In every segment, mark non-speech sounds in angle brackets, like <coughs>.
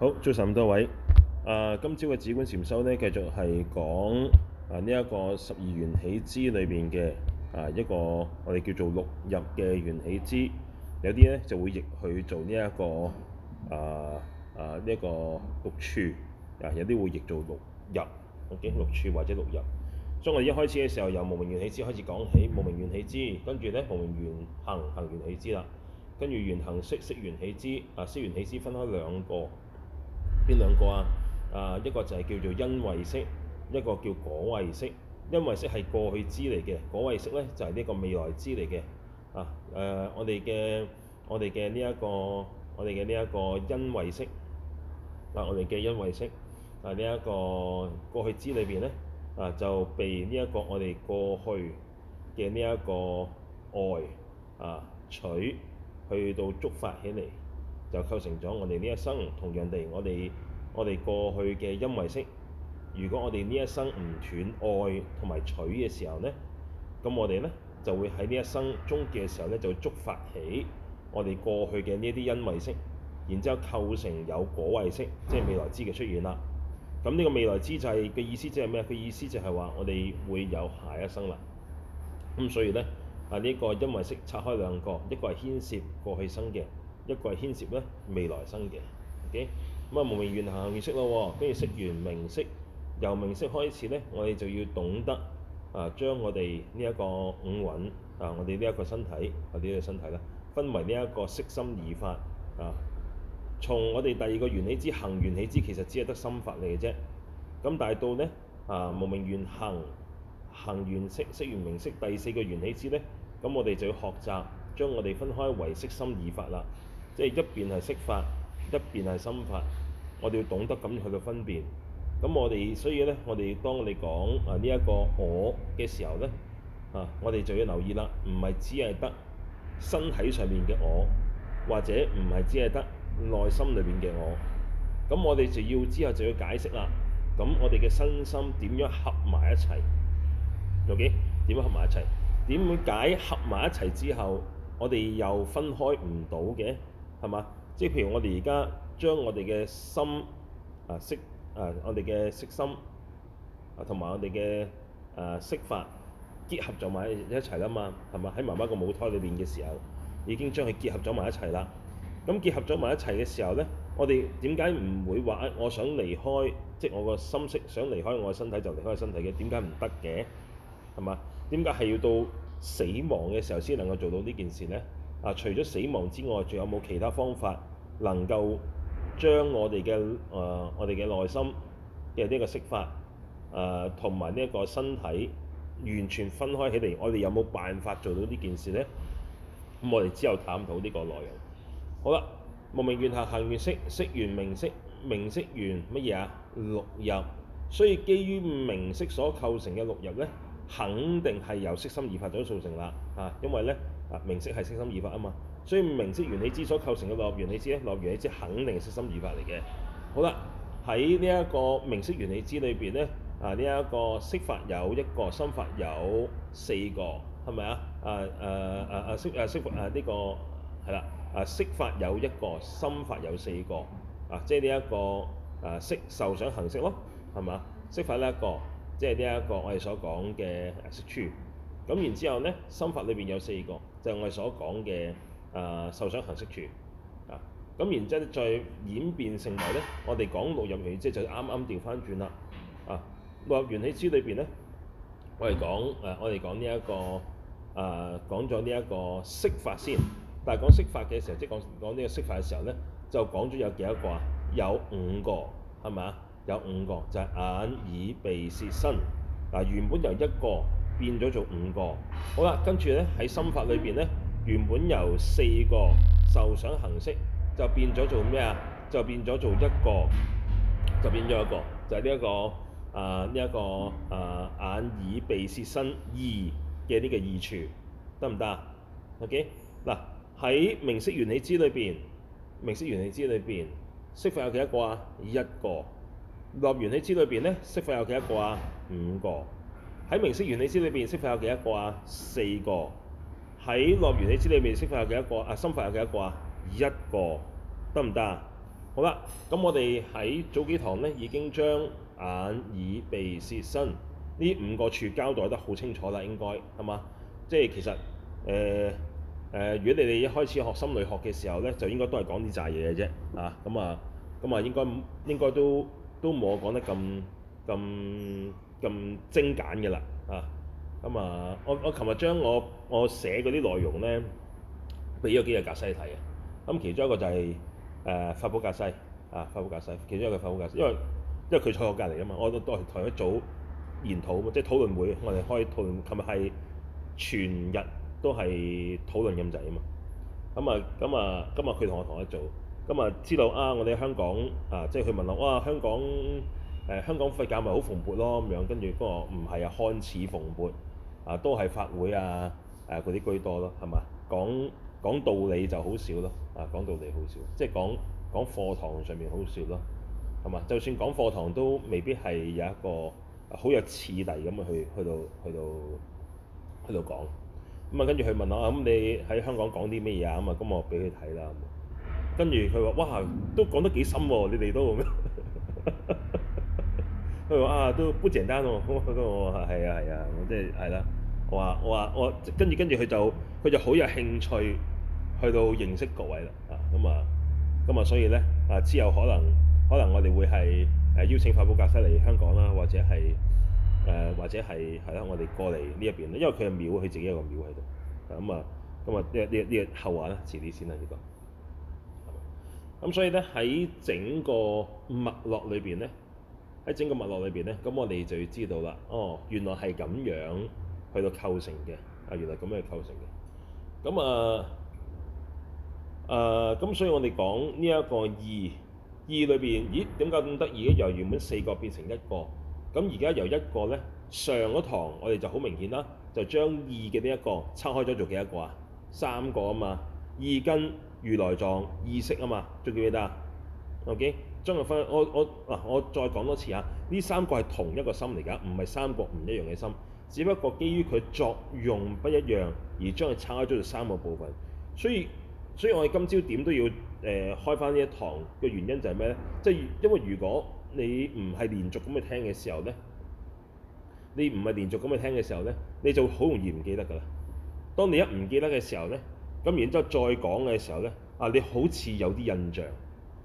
好，早晨咁多位。啊，今朝嘅止觀禪修咧，繼續係講啊呢一、這個十二緣起支裏邊嘅啊一個我哋叫做六入嘅緣起支，有啲咧就會譯去做呢、這、一個啊啊呢一、這個六處啊，有啲會譯做六入或者六處或者六入。所以我哋一開始嘅時候由無明緣起支開始講起，無起，無明緣起支，跟住咧無明緣行行緣起支啦，跟住緣行識識緣起支啊，識緣起支分開兩個。邊兩個啊？啊，一個就係叫做因位識，一個叫果位識。因位識係過去之嚟嘅，果位識咧就係呢個未來之嚟嘅。啊，誒，我哋嘅我哋嘅呢一個我哋嘅呢一個因位識，啊，我哋嘅因位識，啊，呢一個過去之裏邊咧，啊，就被呢一個我哋過去嘅呢一個愛啊取去到觸發起嚟。就構成咗我哋呢一生，同樣地我，我哋我哋過去嘅因位式。如果我哋呢一生唔斷愛同埋取嘅時候呢，咁我哋呢就會喺呢一生終結嘅時候呢，就觸發起我哋過去嘅呢啲因位式，然之後構成有果位式，即係未來之嘅出現啦。咁呢個未來之就係嘅意思即係咩？佢意思就係話我哋會有下一生啦。咁所以呢，啊呢個因位式拆開兩個，一個係牽涉過去生嘅。一個係牽涉咧未來生嘅咁啊，OK? 無明緣行行緣識咯，跟住識緣名色，由名色開始咧，我哋就要懂得啊，將我哋呢一個五蘊啊，我哋呢一個身體或者身體啦，分為呢一個色心二法啊。從我哋第二個緣起支行緣起支，其實只係得心法嚟嘅啫。咁但係到咧啊，無明緣行行緣識識緣名色第四個緣起支咧，咁我哋就要學習將我哋分開為色心二法啦。即係一邊係識法，一邊係心法，我哋要懂得咁去嘅分辨。咁我哋所以呢，我哋當我哋講啊呢一個我嘅時候呢，啊，我哋就要留意啦，唔係只係得身體上面嘅我，或者唔係只係得內心裏面嘅我。咁我哋就要之後就要解釋啦。咁我哋嘅身心點樣合埋一齊？OK，點樣合埋一齊？點解合埋一齊之後，我哋又分開唔到嘅？係嘛？即係譬如我哋而家將我哋嘅心啊、色啊，我哋嘅色心啊，同埋我哋嘅啊，色法結合咗埋一齊啦嘛，係嘛？喺媽媽個母胎裏邊嘅時候，已經將佢結合咗埋一齊啦。咁結合咗埋一齊嘅時候咧，我哋點解唔會話我想離開，即係我個心識想離開我嘅身體就離開身體嘅，點解唔得嘅？係嘛？點解係要到死亡嘅時候先能夠做到呢件事咧？除咗死亡之外，仲有冇其他方法能夠將我哋嘅誒我哋嘅內心嘅呢個識法誒同埋呢一個身體完全分開起嚟？我哋有冇辦法做到呢件事呢？咁我哋之後探討呢個內容。好啦，無明緣行，行緣識，識緣名色，名色緣乜嘢啊？六入。所以基於名色所構成嘅六入呢，肯定係由識心而發咗造成啦。啊，因為呢。啊！名色係色心二法啊嘛，所以名色緣你知所構成嘅樂緣你知啊，樂緣你知肯定係色心二法嚟嘅。好啦，喺呢一個名色緣你知裏邊咧，啊呢一個色法有一個心法有四個，係咪啊？啊啊啊啊色啊色法啊呢個係啦，啊色法有一個心法有四個啊，即係呢一個啊色受想行識咯，係咪啊？色法呢一個，即係呢一個我哋所講嘅色處。咁然之後咧，心法裏邊有四個，就係、是、我哋所講嘅、呃、受想行識處啊。咁然之後再演變成為咧，我哋講六入元氣，即就啱啱調翻轉啦。啊，六入元氣書裏邊咧，我哋講誒，我哋講呢一個誒，講咗呢一個識法先。但係講識法嘅時候，即係講呢個識法嘅時候咧，就講咗有幾多個啊？有五個係咪啊？有五個就係、是、眼、耳、鼻、舌、身。嗱、啊，原本有一個。變咗做五個，好啦，跟住呢，喺心法裏邊呢，原本由四個受想行識就變咗做咩啊？就變咗做，做一個，就變咗一個，就係呢一個啊，呢一個啊，眼耳鼻舌身意嘅呢個意處，得唔得啊？OK，嗱，喺名色緣起支裏邊，名色緣起支裏邊識法有幾多個啊？一個。落緣起支裏邊呢，識法有幾多個啊？五個。喺名色原理知裏邊色法有幾多個啊？四個。喺樂園理知裏面色法有幾多個？啊，心法有幾多個啊？一個，得唔得啊？好啦，咁我哋喺早幾堂咧已經將眼、耳、鼻、舌、身呢五個處交代得好清楚啦，應該係嘛？即係其實誒誒、呃呃，如果你哋一開始學心理學嘅時候咧，就應該都係講啲曬嘢嘅啫啊，咁、嗯、啊，咁、嗯、啊、嗯，應該應該都都冇我講得咁咁。咁精簡嘅啦，啊，咁、嗯、啊，我我琴日將我我寫嗰啲內容咧，俾咗幾日格西睇啊，咁、嗯、其中一個就係、是、誒、呃、法寶格西啊，法寶格西，其中一個法寶格西，因為因為佢坐我隔離啊嘛，我都當同一組研討啊嘛，即係討論會，我哋開討論，琴日係全日都係討論咁滯啊嘛，咁啊咁啊，今日佢同我同一組，咁、嗯、啊、嗯，知道啊，我哋喺香港啊，即係佢問我哇、啊，香港。誒、呃、香港佛教咪好蓬勃咯咁樣，跟住不過唔係啊，看似蓬勃啊，都係法會啊誒嗰啲居多咯，係嘛？講講道理就好少咯，啊講道理好少，即係講講課堂上面好少咯，係嘛？就算講課堂都未必係有一個好有次第咁去去，去到去到去到講，咁啊跟住佢問我咁、啊、你喺香港講啲咩嘢啊？咁啊，咁我俾佢睇啦，跟住佢話哇，都講得幾深喎，你哋都咁樣。 <laughs> 佢話啊，都不簡單喎，咁佢我話係啊係啊，啊，啊，我即係係啦，我話我話我跟住跟住佢就佢就好有興趣去到認識各位啦啊，咁啊咁啊，所以咧啊，之後可能可能我哋會係誒、啊、邀請法寶格西嚟香港啦，或者係誒、啊、或者係係啦，我哋過嚟呢一邊啦，因為佢係廟，佢自己有一個廟喺度，咁啊咁啊呢呢呢個後話啦，遲啲先啦呢、呢個。咁、嗯、所以咧喺整個脈絡裏邊咧。喺整個脈絡裏邊咧，咁我哋就要知道啦。哦，原來係咁樣去到構成嘅。啊，原來咁樣去構成嘅。咁啊，誒、呃，咁、呃、所以我哋講呢一個二，二裏邊，咦，點解咁得意嘅？由原本四個變成一個。咁而家由一個咧，上一堂我哋就好明顯啦，就將二嘅呢一個拆開咗，做幾多個啊？三個啊嘛。二跟如來藏意識啊嘛，仲記唔記得啊？OK。將佢分我我嗱，我再講多次啊！呢三個係同一個心嚟㗎，唔係三個唔一樣嘅心，只不過基於佢作用不一樣而將佢拆開咗做三個部分。所以所以，我哋今朝點都要誒、呃、開翻呢一堂嘅原因就係咩呢？即、就、係、是、因為如果你唔係連續咁去聽嘅時候呢，你唔係連續咁去聽嘅時候呢，你就好容易唔記得㗎啦。當你一唔記得嘅時候呢，咁然之後再講嘅時候呢，啊你好似有啲印象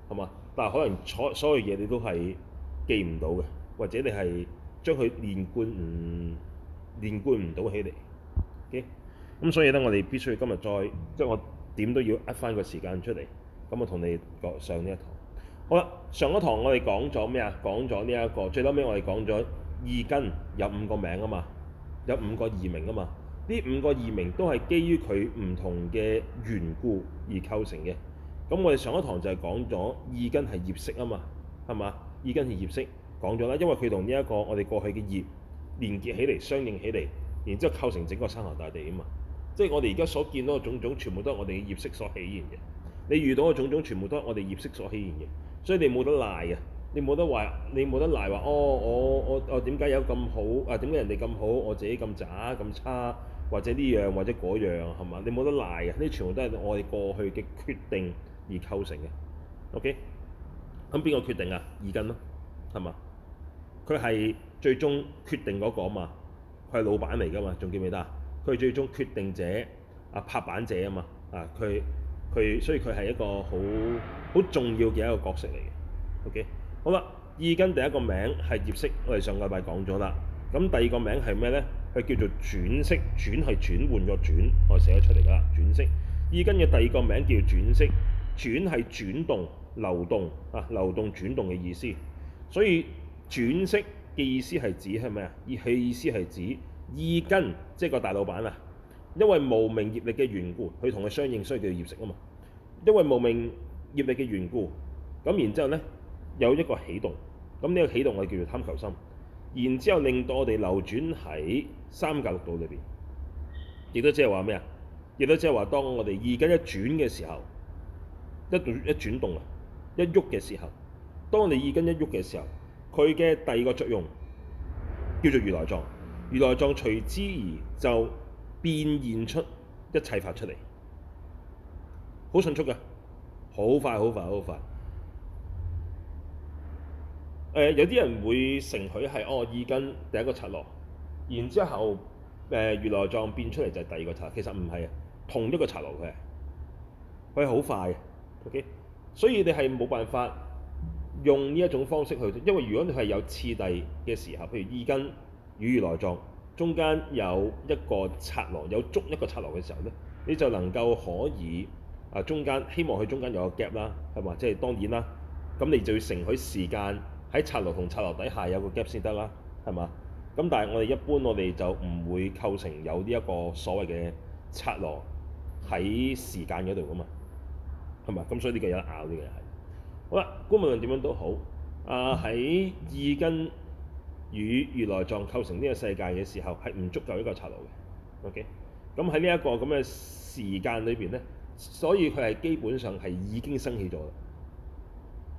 係嘛？但可能所所有嘢你都係記唔到嘅。或者你係將佢連貫唔連貫唔到起嚟咁，okay? 所以咧，我哋必須要今日再即係我點都要呃翻個時間出嚟，咁我同你講上呢一堂。好啦，上一堂我哋講咗咩啊？講咗呢一個，最後尾我哋講咗二根有五個名啊嘛，有五個異名啊嘛。呢五個異名都係基於佢唔同嘅緣故而構成嘅。咁我哋上一堂就係講咗，二根係業色啊嘛，係嘛？二根係業色，講咗啦，因為佢同呢一個我哋過去嘅業連結起嚟，相應起嚟，然之後構成整個山河大地啊嘛。即係我哋而家所見到嘅種種，全部都係我哋嘅業色所起源嘅。你遇到嘅種種，全部都係我哋業色所起源嘅。所以你冇得賴嘅，你冇得話，你冇得賴話，哦，我我我點解有咁好啊？點解人哋咁好，我自己咁渣咁差，或者呢樣或者嗰樣係嘛？你冇得賴嘅，呢啲全部都係我哋過去嘅決定。而構成嘅，OK，咁邊個決定啊？意根咯，係嘛？佢係最終決定嗰個啊嘛，佢係老闆嚟㗎嘛，仲記唔記得啊？佢係最終決定者啊，拍板者啊嘛，啊，佢佢所以佢係一個好好重要嘅一個角色嚟嘅，OK，好啦，意根第一個名係業識，我哋上個禮拜講咗啦。咁第二個名係咩呢？佢叫做轉識，轉係轉換個轉，我寫咗出嚟啦，轉識，意根嘅第二個名叫轉識。轉係轉動、流動啊，流動轉動嘅意思。所以轉識嘅意思係指係咩啊？意識意思係指意根即係個大老闆啊。因為無名業力嘅緣故，佢同佢相應，所以叫做業識啊嘛。因為無名業力嘅緣故，咁然之後呢，有一個起動，咁、這、呢個起動我叫做貪求心。然之後令到我哋流轉喺三界六道裏邊，亦都即係話咩啊？亦都即係話當我哋二根一轉嘅時候。一一轉動啊！一喐嘅時候，當你耳根一喐嘅時候，佢嘅第二個作用叫做如來藏，如來藏隨之而就變現出一切法出嚟，好迅速嘅，好快好快好快。誒、呃、有啲人會承許係哦，耳根第一個拆落，然之後誒如來藏變出嚟就係第二個拆，其實唔係啊，同一個拆落嘅，佢好快嘅。OK，所以你係冇辦法用呢一種方式去，因為如果你係有次第嘅時候，譬如意根與如來藏，中間有一個剎那，有捉一個剎那嘅時候咧，你就能夠可以啊，中間希望佢中間有個 gap 啦，係嘛？即係當然啦，咁你就要承許時間喺剎那同剎那底下有個 gap 先得啦，係嘛？咁但係我哋一般我哋就唔會構成有呢一個所謂嘅剎那喺時間嗰度噶嘛。係嘛？咁所以呢個有得咬呢個又係好啦。無論點樣都好，啊喺意根與如來藏構成呢個世界嘅時候係唔足夠一個尺度嘅。OK，咁喺呢一個咁嘅時間裏邊咧，所以佢係基本上係已經生起咗啦。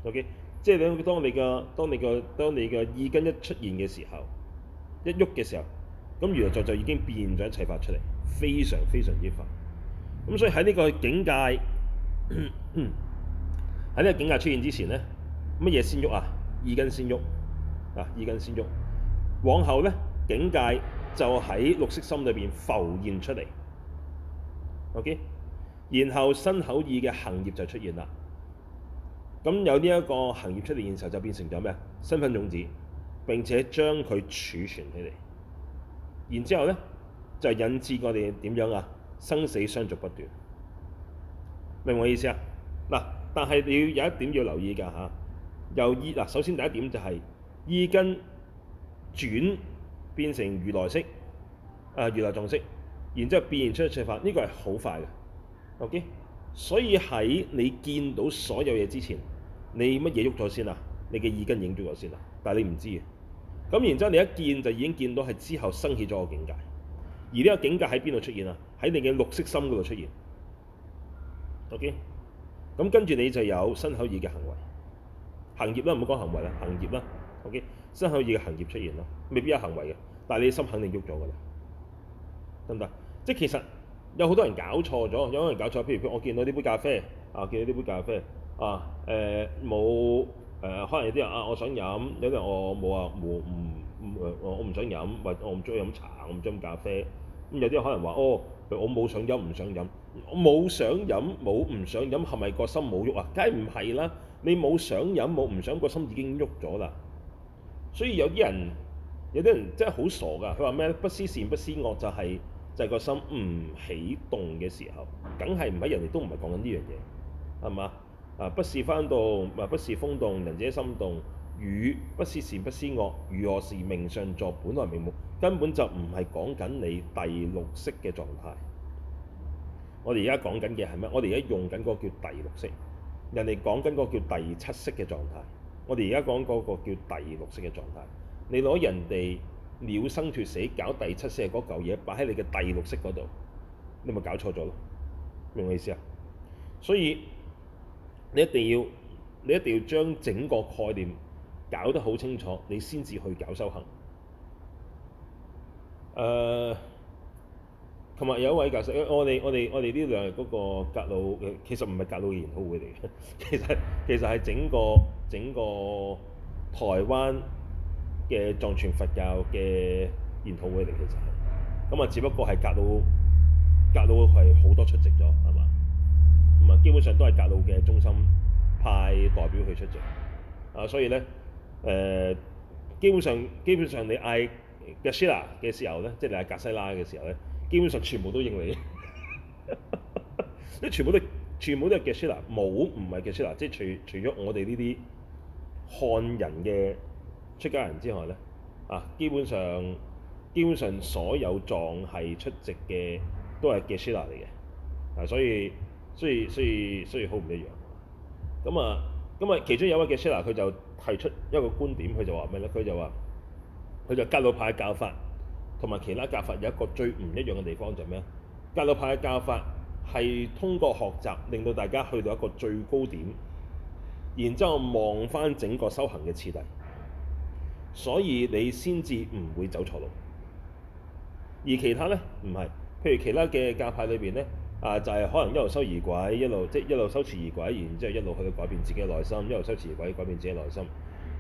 OK，即係當當你嘅當你嘅當你嘅意根一出現嘅時候，一喐嘅時候，咁如來藏就已經變咗一齊發出嚟，非常非常之快。咁所以喺呢個境界。喺呢 <coughs> 個境界出現之前呢，乜嘢先喐啊？耳根先喐啊，耳根先喐。往後呢，境界就喺綠色心裏邊浮現出嚟。OK，然後身口意嘅行業就出現啦。咁有呢一個行業出嚟嘅時候，就變成咗咩？身份種子，並且將佢儲存起嚟。然之後呢，就引致我哋點樣啊？生死相續不斷。明我意思啊？嗱，但係你要有一點要留意㗎嚇。右耳，嗱，首先第一點就係、是、意根轉變成如來式，啊、呃，如來狀式，然之後變現出一切，呢個係好快嘅。OK，所以喺你見到所有嘢之前，你乜嘢喐咗先啊？你嘅耳根影咗咗先啊？但係你唔知嘅。咁然之後你一見就已經見到係之後生起咗個境界，而呢個境界喺邊度出現啊？喺你嘅綠色心嗰度出現。O.K.，咁跟住你就有身口意嘅行，行，行為，行業啦，唔好講行為啦，行業啦，O.K.，身口意嘅行業出現咯，未必有行為嘅，但係你心肯定喐咗㗎啦，得唔得？即係其實有好多人搞錯咗，有啲人搞錯，譬如我見到呢杯咖啡，啊見到呢杯咖啡，啊誒冇誒，可能有啲人啊我想飲，有啲人我冇啊冇唔唔我唔想飲，或者我唔中意飲茶，我唔中意咖啡。有啲人可能話：哦，我冇想飲，唔想飲，我冇想飲，冇唔想飲，係咪個心冇喐啊？梗係唔係啦！你冇想飲，冇唔想，個心已經喐咗啦。所以有啲人，有啲人真係好傻㗎。佢話咩？不思善，不思惡，就係、是、就係、是、個心唔起動嘅時候，梗係唔係，人哋都唔係講緊呢樣嘢，係嘛？啊，不是幡動，唔不是風動，仁者心動。與不思善，不思惡，如何是明上座本來面目？根本就唔係講緊你第六識嘅狀態。我哋而家講緊嘅係咩？我哋而家用緊嗰個叫第六識，人哋講緊嗰個叫第七識嘅狀態。我哋而家講嗰個叫第六識嘅狀態，你攞人哋了生脫死搞第七識嗰嚿嘢擺喺你嘅第六識嗰度，你咪搞錯咗咯？明唔明意思啊？所以你一定要，你一定要將整個概念。搞得好清楚，你先至去搞修行。誒，琴日有一位教授，我哋我哋我哋呢兩日嗰個格魯其實唔係格魯研討會嚟嘅，其實其實係整個整個台灣嘅藏傳佛教嘅研討會嚟嘅，其實係咁啊、嗯，只不過係格魯格魯係好多出席咗，係嘛？咁啊，基本上都係格魯嘅中心派代表去出席啊，所以咧。誒、呃、基本上基本上你嗌格西拉嘅時候咧，即係你嗌格西拉嘅時候咧，基本上全部都認你， <laughs> 啲 <laughs> 全部都全部都係格西拉，冇唔係格西拉，即係除除咗我哋呢啲漢人嘅出家人之外咧，啊基本上基本上所有藏系出席嘅都係格西拉嚟嘅，啊所以所以所以所以好唔一樣，咁啊咁啊其中有一位格西拉佢就提出一個觀點，佢就話咩咧？佢就話佢就格魯派教法同埋其他教法有一個最唔一樣嘅地方就係咩咧？格魯派嘅教法係通過學習令到大家去到一個最高點，然之後望翻整個修行嘅次第，所以你先至唔會走錯路。而其他呢？唔係，譬如其他嘅教派裏邊呢。啊，就係、是、可能一路修儀軌，一路即一,一路修持儀軌，然之後一路去改變自己嘅內心，一路修持儀軌改變自己內心，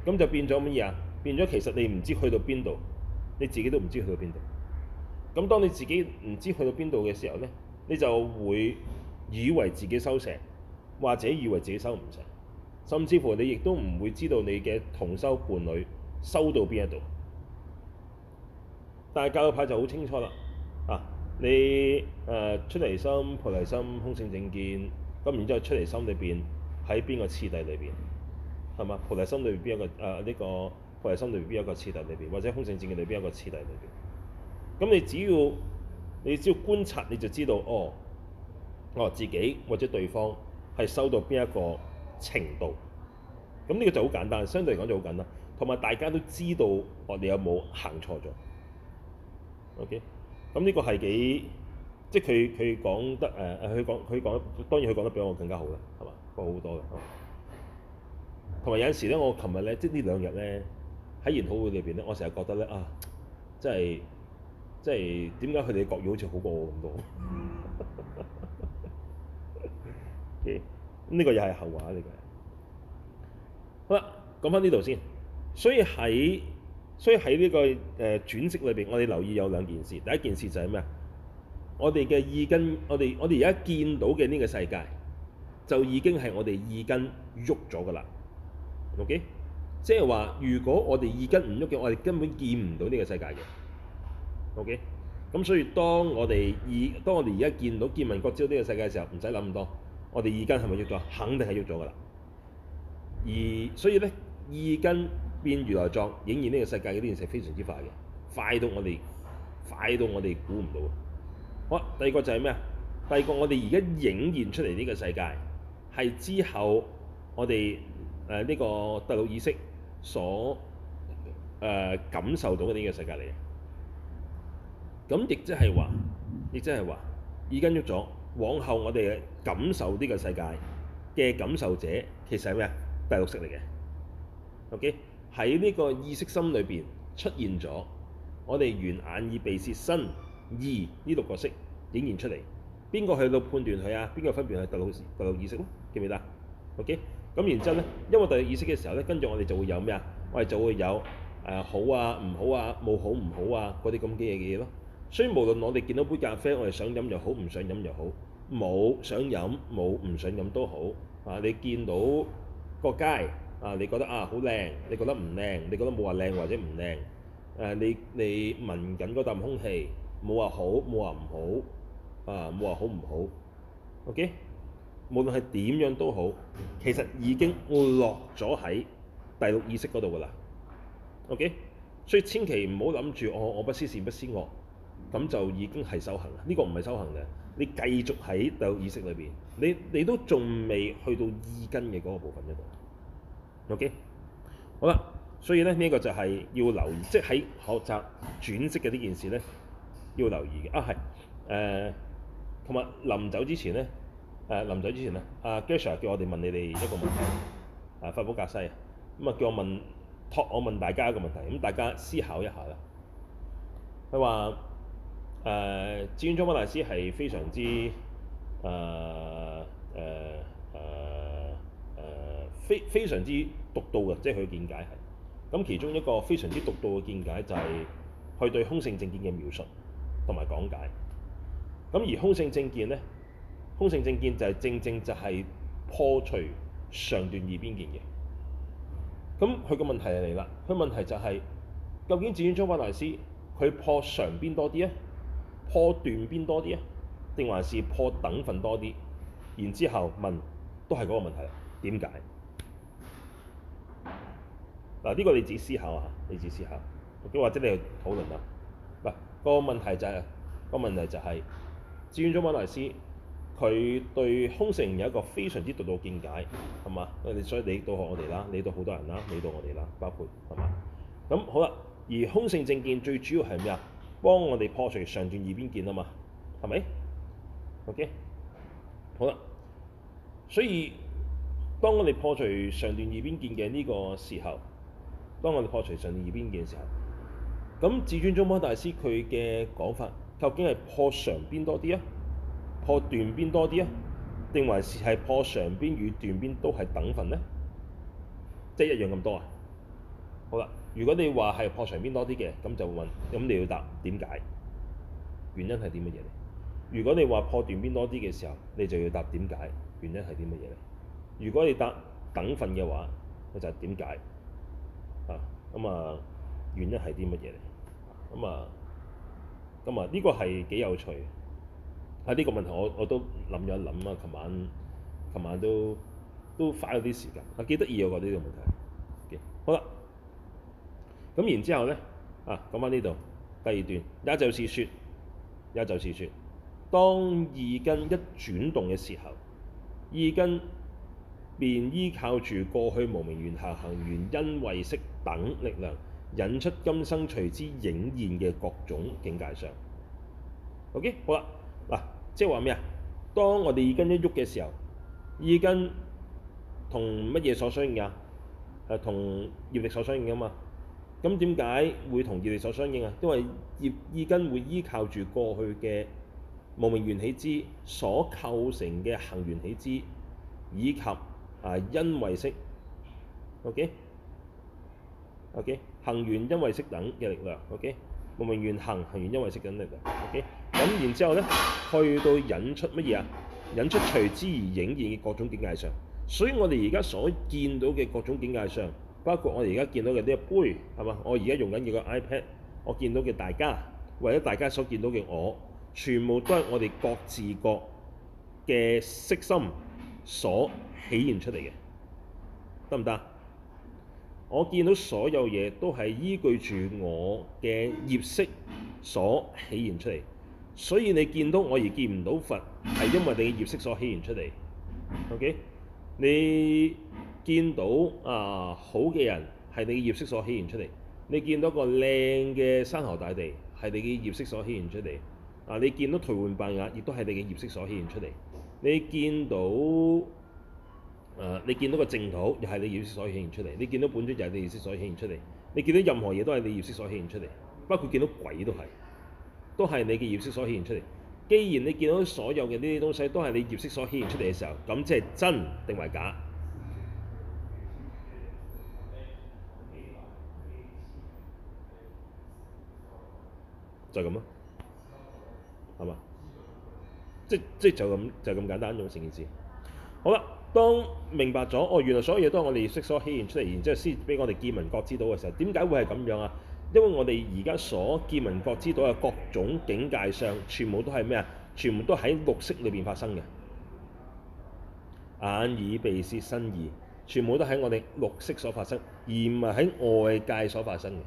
咁就變咗乜嘢啊？變咗其實你唔知去到邊度，你自己都唔知去到邊度。咁當你自己唔知去到邊度嘅時候呢，你就會以為自己修成，或者以為自己修唔成，甚至乎你亦都唔會知道你嘅同修伴侶修到邊一度。但係教育派就好清楚啦。你誒、呃、出離心、菩提心、空性正見，咁然之後出離心裏邊喺邊個次第裏邊，係嘛？菩提心裏邊邊一個誒呢、呃這個菩提心裏邊邊一個次第裏邊，或者空性正見裏邊邊一個次第裏邊。咁你只要，你只要觀察，你就知道哦，哦自己或者對方係修到邊一個程度。咁呢個就好簡單，相對嚟講就好簡單，同埋大家都知道我哋、哦、有冇行錯咗。OK。咁呢個係幾，即係佢佢講得誒，佢、呃、講佢講，當然佢講得比我更加好嘅，係嘛，多好多嘅。同、嗯、埋有陣時咧，我琴日咧，即係呢兩日咧，喺研討會裏邊咧，我成日覺得咧啊，即係即係點解佢哋國語好似好過我咁多？呢、 <laughs> okay, 個又係後話嚟嘅。好啦，講翻呢度先。所以喺所以喺呢、這個誒轉識裏邊，我哋留意有兩件事。第一件事就係咩啊？我哋嘅意根，我哋我哋而家見到嘅呢個世界，就已經係我哋意根喐咗㗎喇。OK，即係話如果我哋意根唔喐嘅，我哋根本見唔到呢個世界嘅。OK，咁所以當我哋意當我哋而家見到見聞覺知呢個世界嘅時候，唔使諗咁多。我哋意根係咪喐咗？肯定係喐咗㗎喇。而所以咧，意根。變如來藏，影現呢個世界嘅呢件事非常之快嘅，快到我哋，快到我哋估唔到。好，第二個就係咩啊？第二個我哋而家影現出嚟呢個世界，係之後我哋誒呢個第六意識所誒、呃、感受到嘅呢個世界嚟嘅。咁亦即係話，亦即係話，已經喐咗，往後我哋嘅感受呢個世界嘅感受者，其實係咩啊？第六識嚟嘅。O K。喺呢個意識心裏邊出現咗，我哋原眼耳鼻舌身意呢六個識顯現出嚟，邊個去到判斷佢啊？邊個分辨佢？第六識第六意識咯，記唔記得？OK，咁然之後呢，因為第六意識嘅時候呢，跟住我哋就會有咩啊？我哋就會有誒、啊、好啊、唔好啊、冇好唔好啊嗰啲咁嘅嘢嘅嘢咯。所以無論我哋見到杯咖啡，我哋想飲又好，唔想飲又好，冇想飲冇唔想飲都好嚇、啊。你見到個街。啊！你覺得啊好靚，你覺得唔靚、啊，你覺得冇話靚或者唔靚，誒你你聞緊嗰啖空氣冇話好，冇話唔好啊，冇話好唔好，OK？無論係點樣都好，其實已經落咗喺第六意識嗰度㗎啦，OK？所以千祈唔好諗住我我不思善不思惡，咁就已經係修行啦。呢、呢個唔係修行嘅，你繼續喺第六意識裏邊，你你都仲未去到意根嘅嗰個部分嗰度。OK，好啦，所以咧呢一個就係要留意，即係喺學習轉職嘅呢件事咧要留意嘅。啊，係，誒、呃，琴日臨走之前咧，誒、呃、臨走之前咧，阿格西拉叫我哋問你哋一個問題，啊法寶格西啊，咁、嗯、啊叫我問託我問大家一個問題，咁大家思考一下啦。佢話誒志願中文大師係非常之誒誒誒。呃呃呃非非常之獨到嘅，即係佢嘅見解係咁。其中一個非常之獨到嘅見解就係佢對空性正見嘅描述同埋講解。咁而空性正見呢？空性正見就係正正就係破除常斷二邊見嘅。咁佢個問題就嚟啦，佢問題就係究竟智遠宗法大師佢破常邊多啲啊？破斷邊多啲啊？定還是破等份多啲？然之後問都係嗰個問題啦，點解？嗱，呢個你自己思考啊，你自己思考。亦或者你去討論啊。唔、那、係個問題就係、是那個問題就係、是，志遠總馬來斯佢對空性有一個非常之獨到見解，係嘛？所以你導學我哋啦，你導好多人啦，你導我哋啦，包括係嘛？咁好啦，而空性正見最主要係咩啊？幫我哋破除上段二邊見啊嘛，係咪？OK，好啦。所以當我哋破除上段二邊見嘅呢個時候，當我哋破除上二邊嘅時候，咁至尊中方大師佢嘅講法，究竟係破常邊多啲啊，破斷邊多啲啊，定還是係破常邊與斷邊都係等份呢？即係一樣咁多啊。好啦，如果你話係破常邊多啲嘅，咁就問，咁你要答點解？原因係啲乜嘢嚟？如果你話破斷邊多啲嘅時候，你就要答點解？原因係啲乜嘢嚟？如果你答等份嘅話，我就點解？咁啊，原因係啲乜嘢嚟？咁啊，咁啊，呢個係幾有趣啊！呢個問題我我都諗咗一諗啊，琴晚，琴晚都都花咗啲時間啊，幾得意啊！我呢個問題 OK，好啦，咁然之後咧啊，講翻呢度第二段，也就是說，也就是說，當二根一轉動嘅時候，二根。便依靠住過去無明緣行，行緣因為識等力量，引出今生隨之影現嘅各種境界上。OK，好啦，嗱、啊，即係話咩啊？當我哋耳根一喐嘅時候，耳根同乜嘢所相應啊？係同業力所相應嘅嘛。咁點解會同業力所相應啊？因為耳耳根會依靠住過去嘅無明緣起支所構成嘅行緣起支，以及啊！因為識，OK，OK，okay? okay? 行緣因為識等嘅力量，OK，無明緣行行緣因為識等力量，OK。咁然之後咧，去到引出乜嘢啊？引出隨之而影現嘅各種境界上。所以我哋而家所見到嘅各種境界上，包括我哋而家見到嘅呢個杯係嘛？我而家用緊嘅個 iPad，我見到嘅大家，為咗大家所見到嘅我，全部都係我哋各自各嘅色心所。顯現出嚟嘅，得唔得？我見到所有嘢都係依據住我嘅業色所顯現出嚟，所以你見到我而見唔到佛，係因為你嘅業色所顯現出嚟。O.K. 你見到啊好嘅人係你嘅業色所顯現出嚟，你見到個靚嘅山河大地係你嘅業色所顯現出嚟。啊，你見到頹垣敗瓦亦都係你嘅業色所顯現出嚟。你見到。誒、呃，你見到個淨土又係你業識所顯現出嚟；你見到本尊就係你業識所顯現出嚟；你見到任何嘢都係你業識所顯現出嚟，包括見到鬼都係，都係你嘅業識所顯現出嚟。既然你見到所有嘅呢啲東西都係你業識所顯現出嚟嘅時候，咁即係真定係假？ <music> 就係咁咯，係嘛？即即 <music> 就咁、是、就咁、是就是、簡單一種成件事。好啦。當明白咗哦，原來所有嘢都係我哋識所顯現出嚟，然之後先俾我哋見聞覺知到嘅時候，點解會係咁樣啊？因為我哋而家所見聞覺知到嘅各種境界上，全部都係咩啊？全部都喺六識裏邊發生嘅。眼耳鼻舌身意，全部都喺我哋六識所發生，而唔係喺外界所發生嘅。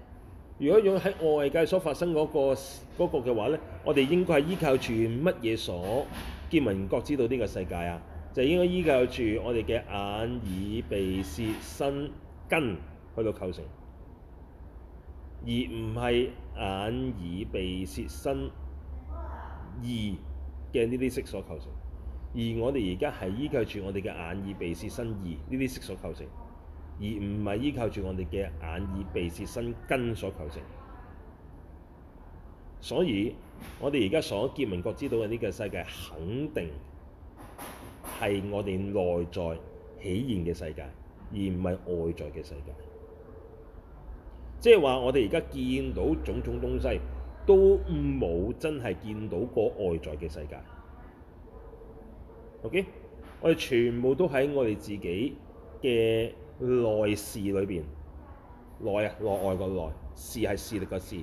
如果用喺外界所發生嗰、嗰個嘅、嗰個、話呢，我哋應該係依靠住乜嘢所見聞覺知到呢個世界啊？就應該依靠住我哋嘅眼、耳、鼻、舌、身、根去到構成，而唔係眼、耳、鼻、舌、身、意嘅呢啲色所構成。而我哋而家係依靠住我哋嘅眼、耳、鼻、舌、身、意呢啲色所構成，而唔係依靠住我哋嘅眼、耳、鼻、舌、身、根所構成。所以，我哋而家所見聞覺知道嘅呢個世界，肯定。係我哋內在起現嘅世界，而唔係外在嘅世界。即係話，我哋而家見到種種東西，都冇真係見到過外在嘅世界。OK，我哋全部都喺我哋自己嘅內視裏邊。內啊，內外個內，係視力個視。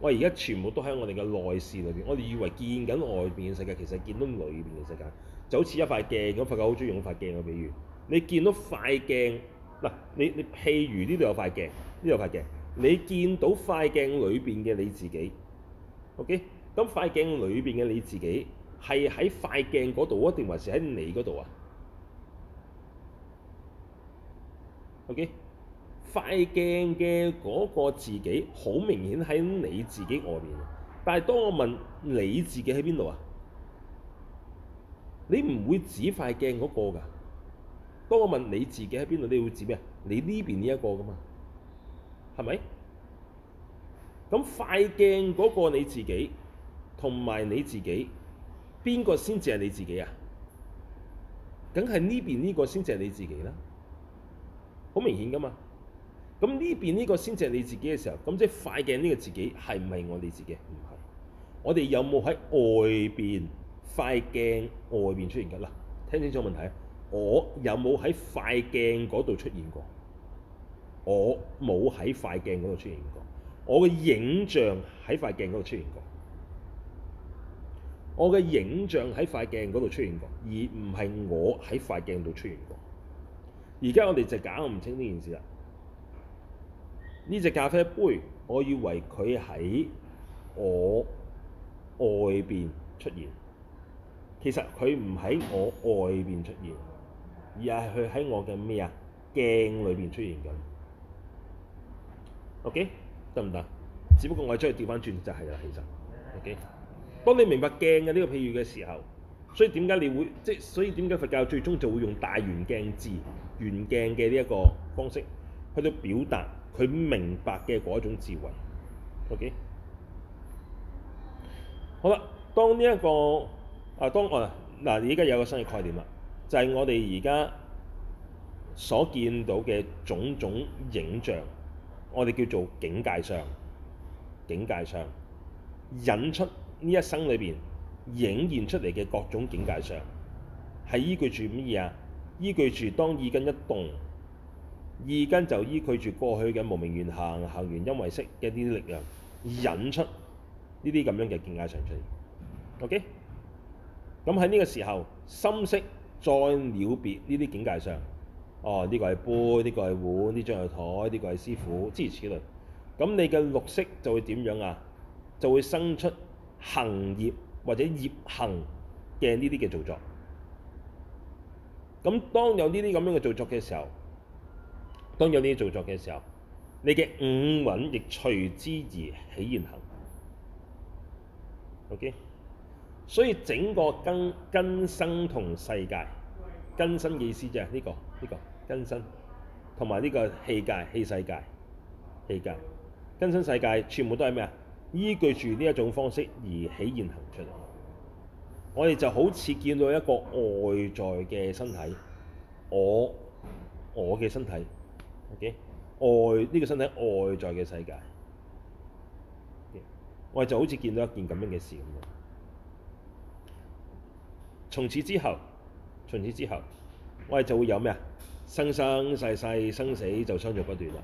我而家全部都喺我哋嘅內視裏邊。我哋以為見緊外邊嘅世界，其實見到裏邊嘅世界。就好似一塊鏡咁，佛教好中意用塊鏡嘅比喻。你見到塊鏡嗱，你你譬如呢度有塊鏡，呢度有塊鏡，你見到塊鏡裏邊嘅你自己，OK？咁塊鏡裏邊嘅你自己係喺塊鏡嗰度啊，定還是喺你嗰度啊？OK？塊鏡嘅嗰個自己好明顯喺你自己外面，但係當我問你自己喺邊度啊？你唔會指塊鏡嗰個㗎。當我問你自己喺邊度，你會指咩？你呢邊呢一個㗎嘛，係咪？咁塊鏡嗰個你自己同埋你自己，邊個先至係你自己啊？梗係呢邊呢個先至係你自己啦。好明顯㗎嘛。咁呢邊呢個先至係你自己嘅時候，咁即係塊鏡呢個自己係唔係我哋自己？唔係。我哋有冇喺外邊？塊鏡外邊出現嘅啦，聽清楚問題。我有冇喺塊鏡嗰度出現過？我冇喺塊鏡嗰度出現過。我嘅影像喺塊鏡嗰度出現過。我嘅影像喺塊鏡嗰度出現過，而唔係我喺塊鏡度出現過。而家我哋就搞唔清呢件事啦。呢隻咖啡杯，我以為佢喺我外邊出現。其實佢唔喺我外邊出現，而係佢喺我嘅咩啊鏡裏面出現緊。OK，得唔得？只不過我出去調翻轉就係啦。其實，OK，當你明白鏡嘅呢個譬喻嘅時候，所以點解你會即係？所以點解佛教最終就會用大圓鏡智、圓鏡嘅呢一個方式去到表達佢明白嘅嗰種智慧。OK，好啦，當呢、這、一個。啊！當我嗱，而家有個新嘅概念啦，就係、是、我哋而家所見到嘅種種影像，我哋叫做境界相，境界相引出呢一生裏邊影現出嚟嘅各種境界相，係依據住乜嘢啊？依據住當意根一動，意根就依據住過去嘅無明緣行，行緣因為識嘅啲力量引出呢啲咁樣嘅境界相出嚟。OK。咁喺呢個時候，心識再了別呢啲境界上，哦，呢、這個係杯，呢、這個係碗，呢張係台，呢、這個係師傅諸如此類。咁你嘅綠色就會點樣啊？就會生出行業或者業行嘅呢啲嘅造作。咁當有呢啲咁樣嘅造作嘅時候，當有呢啲造作嘅時候，你嘅五蘊亦隨之而起現行。OK。所以整個根根身同世界，根身嘅意思啫，呢、這個呢、這個根身，同埋呢個器界器世界器界，根身世界全部都係咩啊？依據住呢一種方式而起現行出嚟。我哋就好似見到一個外在嘅身體，我我嘅身體，OK，外呢、這個身體外在嘅世界，okay? 我哋就好似見到一件咁樣嘅事咁樣。從此之後，從此之後，我哋就會有咩啊？生生世世、生死就相續不斷啦。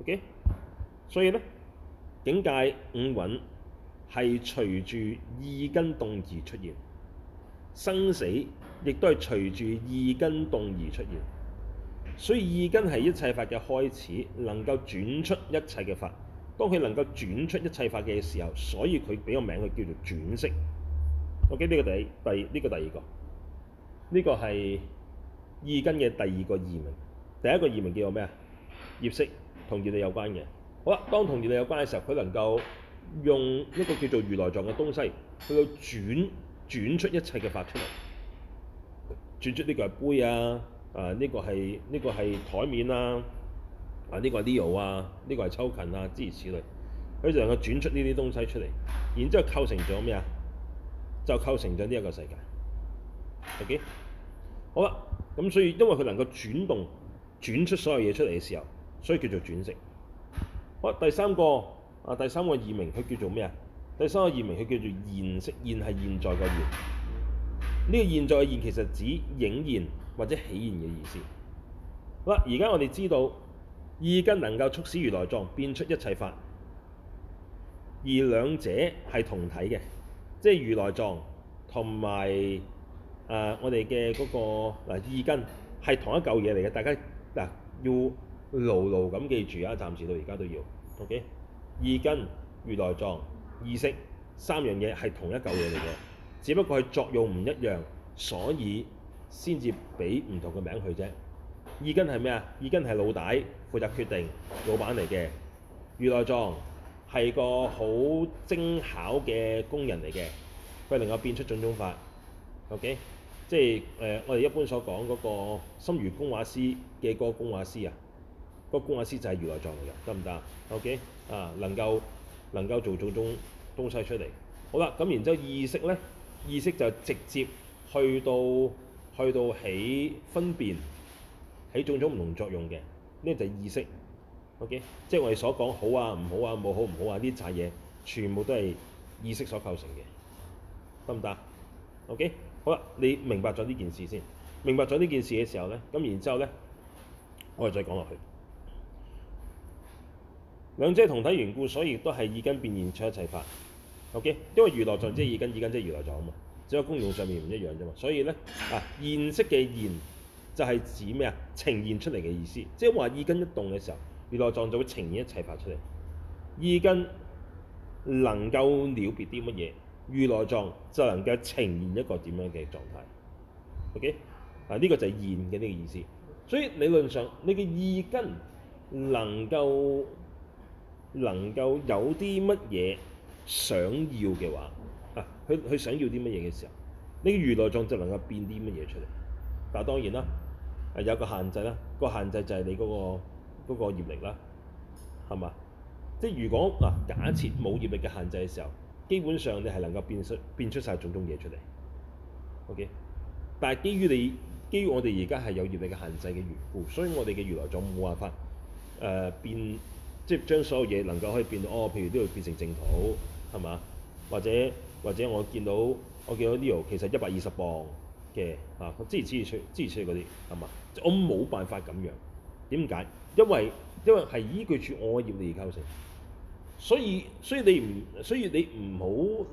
OK，所以呢，境界五蘊係隨住意根動而出現，生死亦都係隨住意根動而出現。所以意根係一切法嘅開始，能夠轉出一切嘅法。當佢能夠轉出一切法嘅時候，所以佢俾個名佢叫做轉識。我記呢個第第呢、這個第二個，呢、這個係意根嘅第二個異名。第一個異名叫做咩啊？業識同業力有關嘅。好啦，當同業力有關嘅時候，佢能夠用一個叫做如來藏嘅東西去到轉轉出一切嘅法出嚟。轉出呢個係杯啊，啊呢、這個係呢、這個係台面啊，啊呢、這個係啲油啊，呢、這個係抽勤啊，諸如此類。佢就能夠轉出呢啲東西出嚟，然之後構成咗咩啊？就構成咗呢一個世界，OK？好啦，咁所以因為佢能夠轉動、轉出所有嘢出嚟嘅時候，所以叫做轉識。好啦，第三個啊，第三個異名佢叫做咩啊？第三個異名佢叫做現識，現係現在嘅現。呢、呢個現在嘅現其實指影現或者起現嘅意思。好啦，而家我哋知道意根能夠促使如來藏變出一切法，而兩者係同體嘅。即係如來藏同埋誒我哋嘅嗰個嗱意根係同一嚿嘢嚟嘅，大家嗱要牢牢咁記住啊！暫時到而家都要，OK？意根、如來藏、意識三樣嘢係同一嚿嘢嚟嘅，只不過係作用唔一樣，所以先至俾唔同嘅名佢啫。意根係咩啊？意根係老大負責決定老闆嚟嘅，如來藏。係個好精巧嘅工人嚟嘅，佢能夠變出種種法，OK，即係誒我哋一般所講嗰個心如工畫師嘅個工畫師啊，個工畫師就係如來藏嚟嘅，得唔得啊？OK，啊能夠能夠做種種東西出嚟，好啦，咁然之後意識咧，意識就直接去到去到起分辨，起種種唔同作用嘅，呢就係意識。O.K.，即係我哋所講好啊、唔好啊、冇好唔好啊呢啲雜嘢，全部都係意識所構成嘅，得唔得？O.K.，好啦，你明白咗呢件事先。明白咗呢件事嘅時候咧，咁然之後咧，我哋再講落去。兩者同體緣故，所以亦都係意根變現出一切法。O.K.，因為如來藏即係意根，意根即係如來藏啊嘛。只有功用上面唔一樣啫嘛。所以咧啊，現識嘅現就係指咩啊？呈現出嚟嘅意思，即係話意根一動嘅時候。如來藏就會呈現一齊爬出嚟。意根能夠了別啲乜嘢，如來藏就能夠呈現一個點樣嘅狀態。O.K. 啊，呢個就係現嘅呢個意思。所以理論上，你嘅意根能夠能夠有啲乜嘢想要嘅話，啊，佢佢想要啲乜嘢嘅時候，呢個如來藏就能夠變啲乜嘢出嚟。但係當然啦，係有個限制啦。個限制就係你嗰個。嗰、那個業力啦，係嘛？即係如果嗱，假設冇業力嘅限制嘅時候，基本上你係能夠變出變出曬種種嘢出嚟。OK，但係基於你基於我哋而家係有業力嘅限制嘅緣故，所以我哋嘅如來藏冇辦法誒、呃、變，即係將所有嘢能夠可以變到哦，譬如呢度變成正土，係嘛？或者或者我見到我見到 Leo、這個、其實一百二十磅嘅啊，支持支持出支持出嗰啲，係嘛？我冇辦法咁樣，點解？因為因為係依據住我嘅業力構成，所以所以你唔所以你唔好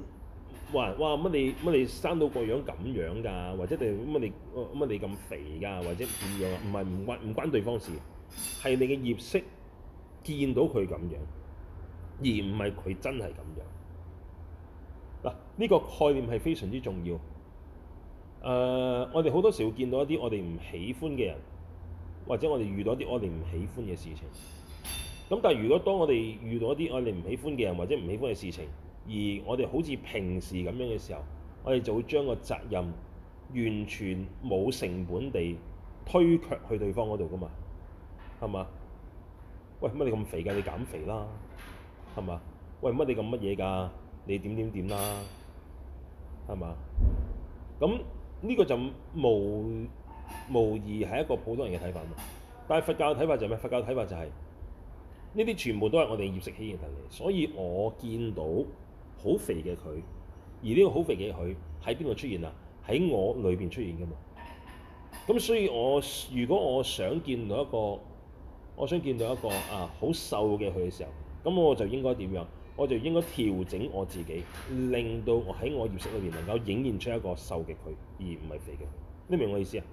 話話乜你乜你生到個樣咁樣㗎，或者你乜你乜你咁肥㗎，或者點樣啊？唔係唔關唔關對方事，係你嘅業識見到佢咁樣，而唔係佢真係咁樣。嗱，呢個概念係非常之重要。誒、呃，我哋好多時會見到一啲我哋唔喜歡嘅人。或者我哋遇到啲我哋唔喜歡嘅事情，咁但係如果當我哋遇到一啲我哋唔喜歡嘅人或者唔喜歡嘅事情，而我哋好似平時咁樣嘅時候，我哋就會將個責任完全冇成本地推卻去對方嗰度㗎嘛，係嘛？喂，乜你咁肥㗎？你減肥啦，係嘛？喂，乜你咁乜嘢㗎？你點點點啦，係嘛？咁呢個就冇。無疑係一個普通人嘅睇法，但係佛教嘅睇法就係咩？佛教嘅睇法就係呢啲全部都係我哋業識顯現出嚟。所以我見到好肥嘅佢，而呢個好肥嘅佢喺邊個出現啊？喺我裏邊出現嘅嘛。咁所以我如果我想見到一個，我想見到一個啊好瘦嘅佢嘅時候，咁我就應該點樣？我就應該調整我自己，令到我喺我業識裏邊能夠影現出一個瘦嘅佢，而唔係肥嘅佢。你明唔明我意思啊？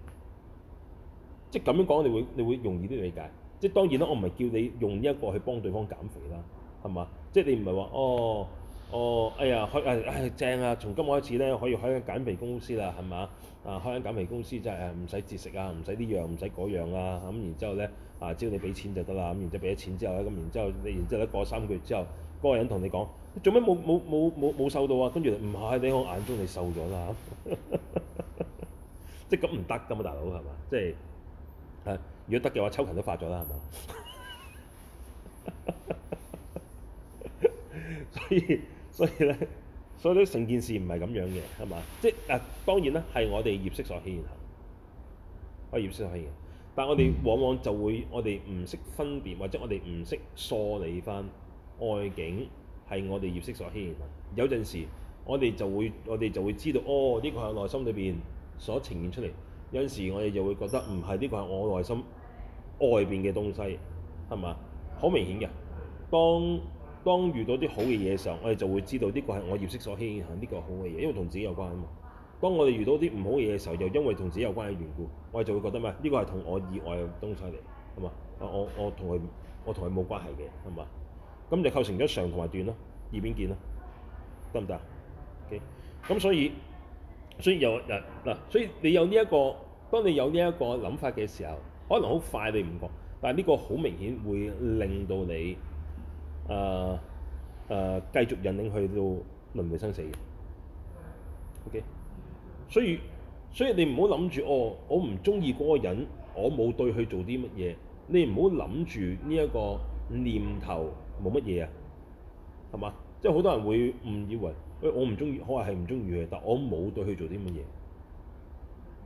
即咁樣講，你會你會容易啲理解。即當然啦，我唔係叫你用呢一個去幫對方減肥啦，係嘛？即你唔係話哦哦，哎呀，開誒誒正啊！從今個開始咧，可以開間減肥公司啦，係嘛？啊，開間減肥公司真係誒，唔使節食啊，唔使呢樣，唔使嗰樣啊，咁、啊、然之後咧啊，只要你俾錢就得啦。咁、啊、然之後俾咗錢之後咧，咁然之後你然之後咧過三個月之後，嗰、嗰個人同你講：你做咩冇冇冇冇冇瘦到啊？跟住唔係，喺、哎、你我眼中你瘦咗啦。 <laughs> 即咁唔得㗎嘛，大佬係嘛？即。係，如果得嘅話，秋勤都發咗啦，係嘛？ <laughs> 所以所以咧，所以咧，成件事唔係咁樣嘅，係嘛？即係啊，當然啦，係我哋業識所牽引，我業識所牽引。但係我哋往往就會，我哋唔識分別，或者我哋唔識梳理返外境，係我哋業識所牽引。有陣時，我哋就會，我哋就會知道，哦，呢、這個係內心裏邊所呈現出嚟。有陣時我哋就會覺得唔係，呢個係我內心外邊嘅東西，係嘛？好明顯嘅。當當遇到啲好嘅嘢嘅時候，我哋就會知道呢個係我業識所牽引，呢個好嘅嘢，因為同自己有關啊嘛。當我哋遇到啲唔好嘢嘅時候，又因為同自己有關嘅緣故，我哋就會覺得咪呢個係同我以外嘅東西嚟，係嘛？我我同佢我同佢冇關係嘅，係嘛？咁就構成咗常同埋斷咯，二邊見咯，得唔得？OK，咁所以所以有又嗱，所以你有呢一個。當你有呢一個諗法嘅時候，可能好快你唔覺，但係呢個好明顯會令到你誒誒、呃呃、繼續引領去到輪迴生死嘅。OK，所以所以你唔好諗住哦，我唔中意嗰個人，我冇對佢做啲乜嘢，你唔好諗住呢一個念頭冇乜嘢啊，係嘛？即係好多人會誤以為，喂我唔中意，我話係唔中意嘅，但我冇對佢做啲乜嘢。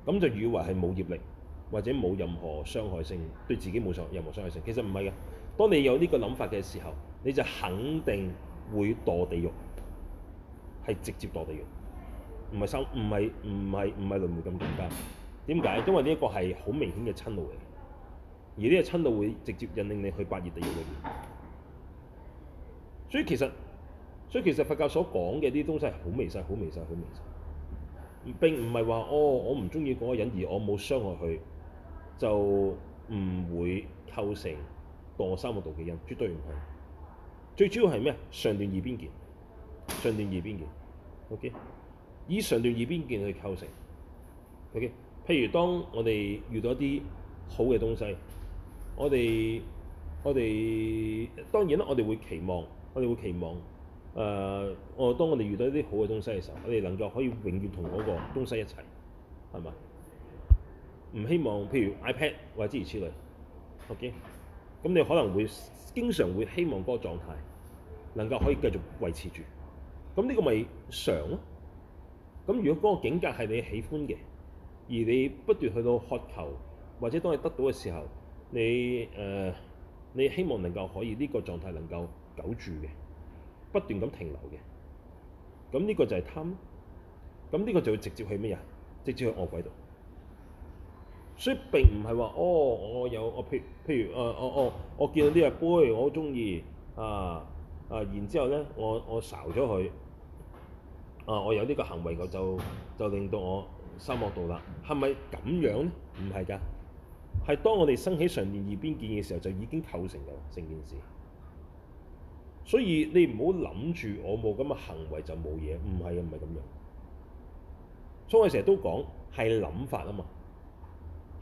咁就以為係冇業力，或者冇任何傷害性，對自己冇傷任何傷害性。其實唔係嘅。當你有呢個諗法嘅時候，你就肯定會墮地獄，係直接墮地獄，唔係修，唔係唔係唔係輪迴咁簡單。點解？因為呢一個係好明顯嘅瞋怒嚟，而呢個瞋怒會直接引領你去八熱地獄裏面。所以其實，所以其實佛教所講嘅啲東西係好微細，好微細，好微細。並唔係話哦，我唔中意嗰個人，而我冇傷害佢，就唔會構成墮三個度嘅人，絕對唔係。最主要係咩啊？上段二邊件，上段二邊件，OK。以上段二邊件去構成，OK。譬如當我哋遇到一啲好嘅東西，我哋我哋當然啦，我哋會期望，我哋會期望。誒，我當我哋遇到一啲好嘅東西嘅時候，我哋能夠可以永遠同嗰個東西一齊，係咪？唔希望譬如 iPad 或者如此類，OK，咁你可能會經常會希望嗰個狀態能夠可以繼續維持住，咁呢個咪常咯。咁如果嗰個境界係你喜歡嘅，而你不斷去到渴求，或者當你得到嘅時候，你誒，uh, 你希望能夠可以呢個狀態能夠久住嘅。不斷咁停留嘅，咁呢個就係貪，咁呢個就會直接去咩啊？直接去餓鬼度。所以並唔係話哦，我有我譬譬如誒、呃哦哦，我我我見到呢個杯，我中意啊啊，然之後咧，我我咗佢啊，我有呢個行為，我就就令到我心惡到啦。係咪咁樣咧？唔係噶，係當我哋生起上念二邊見嘅時候，就已經構成咗成件事。所以你唔好諗住我冇咁嘅行為就冇嘢，唔係，唔係咁樣。所以我成日都講係諗法啊嘛，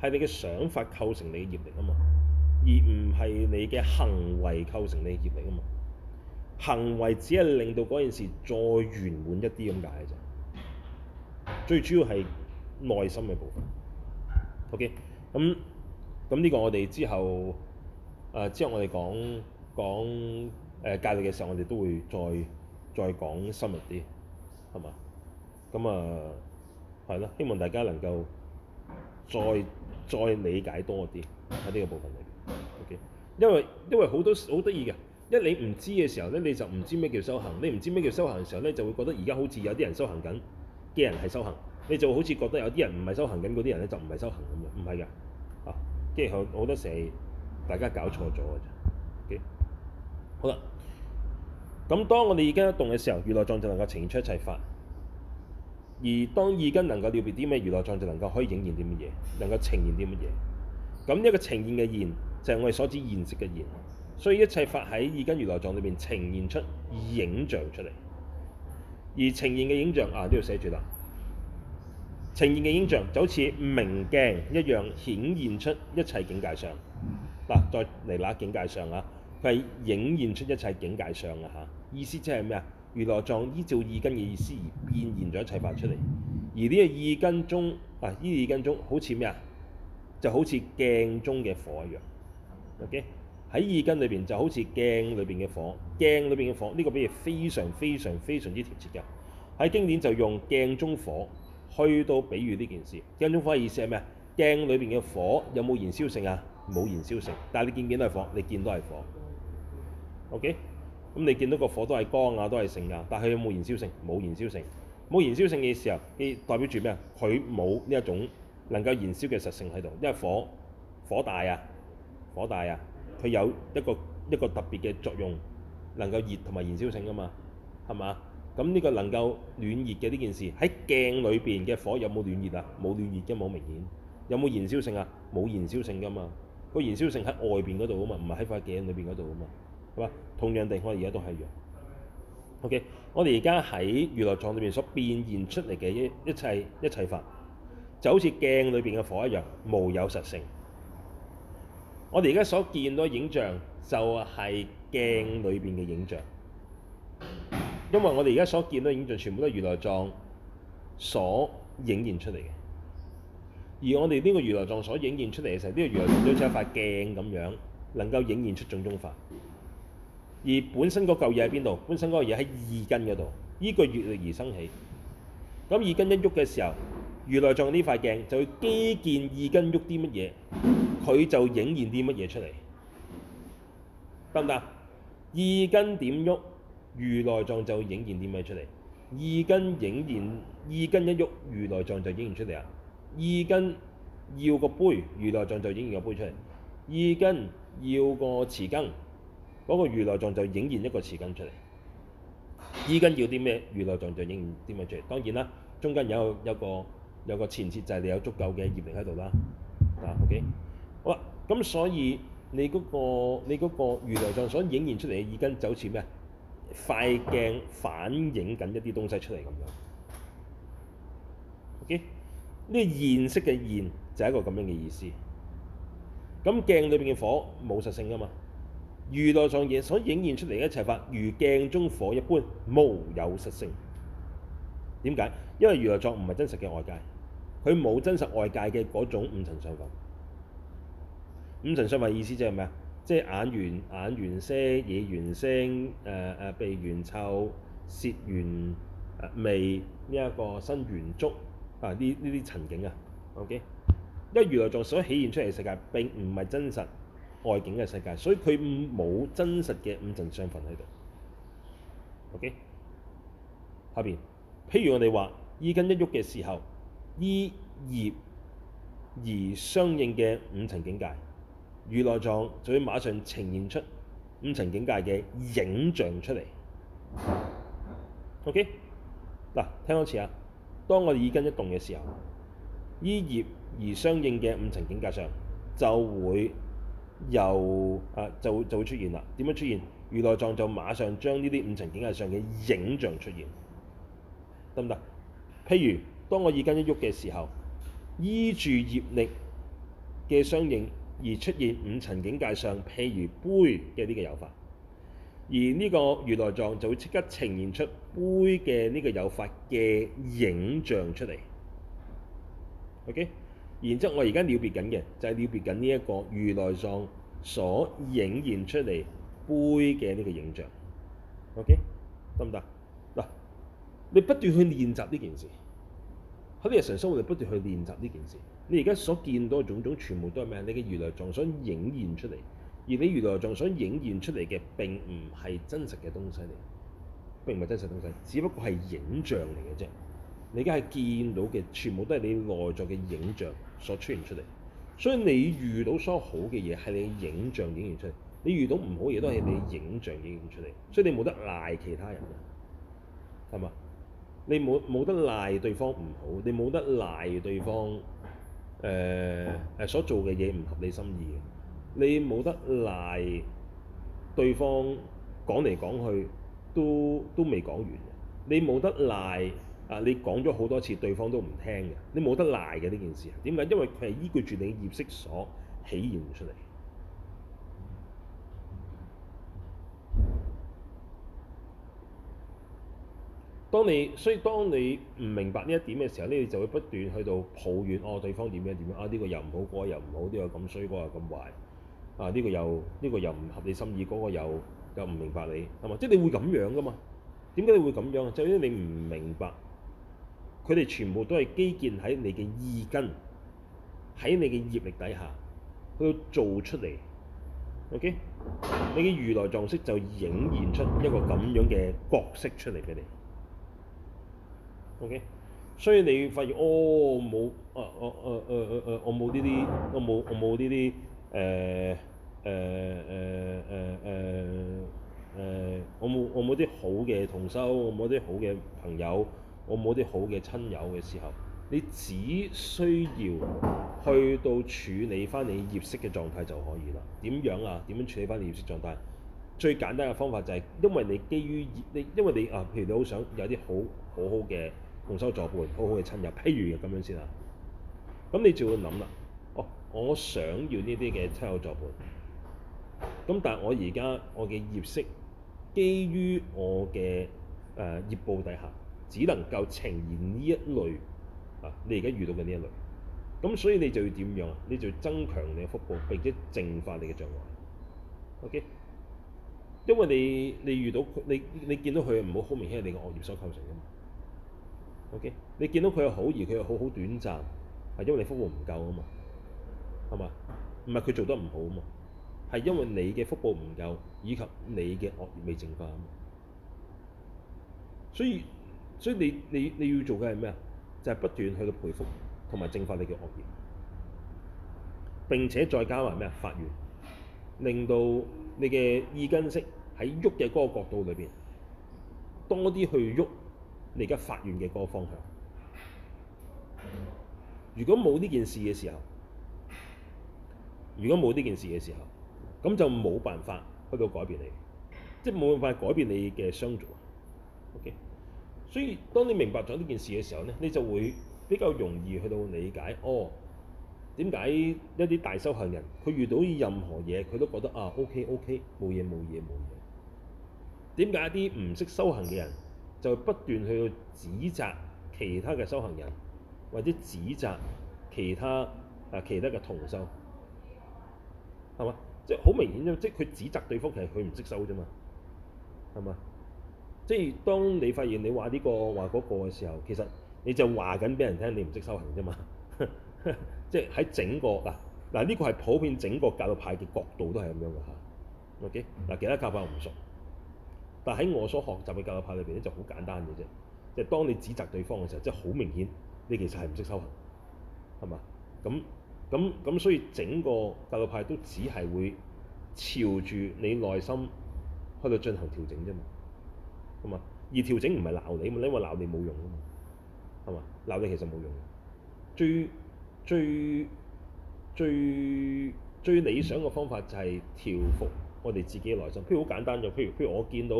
係你嘅想法構成你嘅業力啊嘛，而唔係你嘅行為構成你嘅業力啊嘛。行為只係令到嗰件事再圓滿一啲咁解嘅啫。最主要係內心嘅部分。OK，咁咁呢個我哋之後啊、呃，之後我哋講講。誒教導嘅時候，我哋都會再再講深入啲，係嘛？咁啊，係咯，希望大家能夠再再理解多啲喺呢個部分裏邊。OK，因為因為好多好得意嘅，一你唔知嘅時候咧，你就唔知咩叫修行。你唔知咩叫修行嘅時候咧，就會覺得而家好似有啲人修行緊嘅人係修行，你就好似覺得有啲人唔係修行緊嗰啲人咧就唔係修行咁樣，唔係㗎，啊，即係好多時大家搞錯咗嘅啫。OK，好啦。咁當我哋耳根一動嘅時候，如來藏就能夠呈現出一切法；而當耳根能夠了別啲咩，如來藏就能夠可以呈現啲乜嘢，能夠呈現啲乜嘢。咁一個呈現嘅現，就係我哋所指現實嘅現。所以一切法喺耳根如來藏裏邊呈現出影像出嚟，而呈現嘅影像啊，呢度寫住啦。呈現嘅影像就好似明鏡一樣顯現出一切境界上嗱、啊，再嚟啦，境界上啊？係映現出一切境界上嘅嚇！意思即係咩啊？如來藏依照意根嘅意思而變現現咗一切法出嚟，而呢個意根中啊，依意根中好似咩啊？就好似鏡中嘅火一樣。OK，喺意根裏邊就好似鏡裏邊嘅火，鏡裏邊嘅火呢個比喻非常非常非常之貼切嘅。喺經典就用鏡中火去到比喻呢件事。鏡中火嘅意思係咩啊？鏡裏邊嘅火有冇燃燒性啊？冇燃燒性，但係你見見到係火，你見到係火。O K，咁你見到個火都係光啊，都係性噶，但係佢有冇燃燒性？冇燃燒性，冇燃燒性嘅時候，你代表住咩啊？佢冇呢一種能夠燃燒嘅實性喺度，因為火火大啊，火大啊，佢有一個一個特別嘅作用，能夠熱同埋燃燒性噶嘛，係嘛？咁呢個能夠暖熱嘅呢件事，喺鏡裏邊嘅火有冇暖熱啊？冇暖熱嘅，冇明顯，有冇燃燒性啊？冇燃燒性噶嘛，個燃燒性喺外邊嗰度啊嘛，唔係喺塊鏡裏邊嗰度啊嘛，係嘛？同樣地，我哋而家都係一樣。OK，我哋而家喺如來藏裏邊所變現出嚟嘅一一切一切法，就好似鏡裏邊嘅火一樣，無有實性。我哋而家所見到嘅影像就係鏡裏邊嘅影像，因為我哋而家所見到嘅影像全部都係如來藏所影現出嚟嘅。而我哋呢個如來藏所影現出嚟嘅時候，呢個如來藏都好似一塊鏡咁樣，能夠影現出種種法。而本身嗰嚿嘢喺邊度？本身嗰個嘢喺二根嗰度，依個越力而生起。咁二根一喐嘅時候，如來藏呢塊鏡就會機見二根喐啲乜嘢，佢就影現啲乜嘢出嚟，得唔得？二根點喐，如來藏就影現啲乜出嚟？二根影現，二根一喐，如來藏就影現出嚟啊！二根要個杯，如來藏就影現個杯出嚟。二根要個匙羹。嗰、那個如來藏就影現一個耳根出嚟，耳根要啲咩？如來藏就影現啲乜出嚟？當然啦，中間有有一個有一個前設，就係、是、你有足夠嘅業力喺度啦。嗱、嗯啊、，OK，好啦，咁所以你嗰、那個你嗰個如來藏所影現出嚟嘅耳根，就好似咩？塊鏡反映緊一啲東西出嚟咁樣。OK，呢個現識嘅現就係一個咁樣嘅意思。咁鏡裏邊嘅火冇實性噶嘛？如來藏嘢所映現出嚟嘅一切法，如鏡中火一般，無有實性。點解？因為如來藏唔係真實嘅外界，佢冇真實外界嘅嗰種五塵相分。五塵相分意思即係咩啊？即係眼緣、眼緣色、耳緣聲、誒、呃、誒鼻緣臭、舌緣、呃、味呢一、這個身緣觸啊！呢呢啲塵境啊。OK，因為如來藏所顯現出嚟嘅世界並唔係真實。外景嘅世界，所以佢冇真實嘅五層相分喺度。OK，下邊，譬如我哋話耳根一喐嘅時候，依業而相應嘅五層境界，語內藏就會馬上呈現出五層境界嘅影像出嚟。OK，嗱，聽多次啊。當我哋耳根一動嘅時候，依業而相應嘅五層境界上就會。又啊，就會就會出現啦。點樣出現？如來藏就馬上將呢啲五層境界上嘅影像出現，得唔得？譬如當我耳根一喐嘅時候，依住業力嘅相應而出現五層境界上，譬如杯嘅呢個有法，而呢個如來藏就會即刻呈現出杯嘅呢個有法嘅影像出嚟。OK。然之後我，我而家了別緊嘅就係了別緊呢一個如來藏所影現出嚟杯嘅呢個影像，OK，得唔得？嗱，你不斷去練習呢件事，喺啲日常生活度不斷去練習呢件事。你而家所見到嘅種種全部都係咩？你嘅如來藏所影現出嚟，而你如來藏所影現出嚟嘅並唔係真實嘅東西嚟，並唔係真實東西，只不過係影像嚟嘅啫。你而家係見到嘅全部都係你內在嘅影像所出現出嚟，所以你遇到所有好嘅嘢係你影像影現出嚟，你遇到唔好嘢都係你影像影現出嚟，所以你冇得賴其他人啊，係嘛？你冇冇得賴對方唔好，你冇得賴對方誒誒、呃、所做嘅嘢唔合你心意嘅，你冇得賴對方講嚟講去都都未講完，你冇得賴。啊！你講咗好多次，對方都唔聽嘅。你冇得賴嘅呢件事。點解？因為佢係依據住你嘅業識所起現出嚟。當你所以當你唔明白呢一點嘅時候，呢你就會不斷去到抱怨哦。對方點樣點樣啊？呢個又唔好，嗰個又唔好，呢個咁衰，嗰個咁壞啊！呢個又呢個又唔合你心意，嗰個又又唔明白你係嘛？即係你會咁樣噶嘛？點解你會咁樣？就因為你唔明白。佢哋全部都係基建喺你嘅意根，喺你嘅業力底下去做出嚟。OK，你嘅如來藏式就影現出一個咁樣嘅角色出嚟俾你。OK，所以你發現哦，冇啊啊啊啊啊啊，我冇呢啲，我冇我冇呢啲誒誒誒誒誒誒，我冇、呃呃呃呃呃呃、我冇啲好嘅同修，我冇啲好嘅朋友，我冇啲好嘅親友嘅時候，你只需要去到處理翻你業色嘅狀態就可以啦。點樣啊？點樣處理翻你業色狀態？最簡單嘅方法就係、是，因為你基於業，你因為你啊，譬如你好想有啲好好好嘅同修作伴，好好嘅親友，譬如咁樣先啊。咁你就會諗啦。哦，我想要呢啲嘅親友作伴，咁但係我而家我嘅業色基於我嘅誒、呃、業報底下。只能夠呈現呢一類啊！你而家遇到嘅呢一類，咁所以你就要點樣？你就要增強你嘅福報，並且淨化你嘅障礙。OK，因為你你遇到你你見到佢唔好，好明顯係你嘅惡業所構成嘛。OK，你見到佢又好，而佢又好，好短暫，係因為你福報唔夠啊嘛，係嘛？唔係佢做得唔好啊嘛，係因為你嘅福報唔夠，以及你嘅惡業未淨化啊嘛。所以。所以你你你要做嘅係咩啊？就係、是、不斷去到培福同埋淨化你嘅惡業，並且再加埋咩啊？發願，令到你嘅意根識喺喐嘅嗰個角度裏邊多啲去喐你而家發願嘅嗰個方向。如果冇呢件事嘅時候，如果冇呢件事嘅時候，咁就冇辦法去到改變你，即係冇辦法改變你嘅相續。所以，當你明白咗呢件事嘅時候呢，你就會比較容易去到理解。哦，點解一啲大修行人，佢遇到任何嘢，佢都覺得啊，OK OK，冇嘢冇嘢冇嘢。點解一啲唔識修行嘅人，就會不斷去指責其他嘅修行人，或者指責其他啊其他嘅同修，係嘛？即係好明顯，即佢指責對方，其實佢唔識修啫嘛，係嘛？即係當你發現你話呢、這個話嗰個嘅時候，其實你就話緊俾人聽，你唔識修行啫嘛。即係喺整個嗱嗱呢個係普遍整個教派嘅角度都係咁樣嘅吓。O.K.、啊、嗱，其他教派我唔熟，但喺我所學習嘅教派裏邊咧就好簡單嘅啫。即、就、係、是、當你指責對方嘅時候，即係好明顯，你其實係唔識修行係嘛？咁咁咁，所以整個教派都只係會朝住你內心去到進行調整啫嘛。咁啊，而調整唔係鬧你啊嘛，因為你話鬧你冇用啊嘛，係嘛？鬧你其實冇用。最最最最理想嘅方法就係調伏我哋自己嘅內心。譬如好簡單就譬如譬如我見到，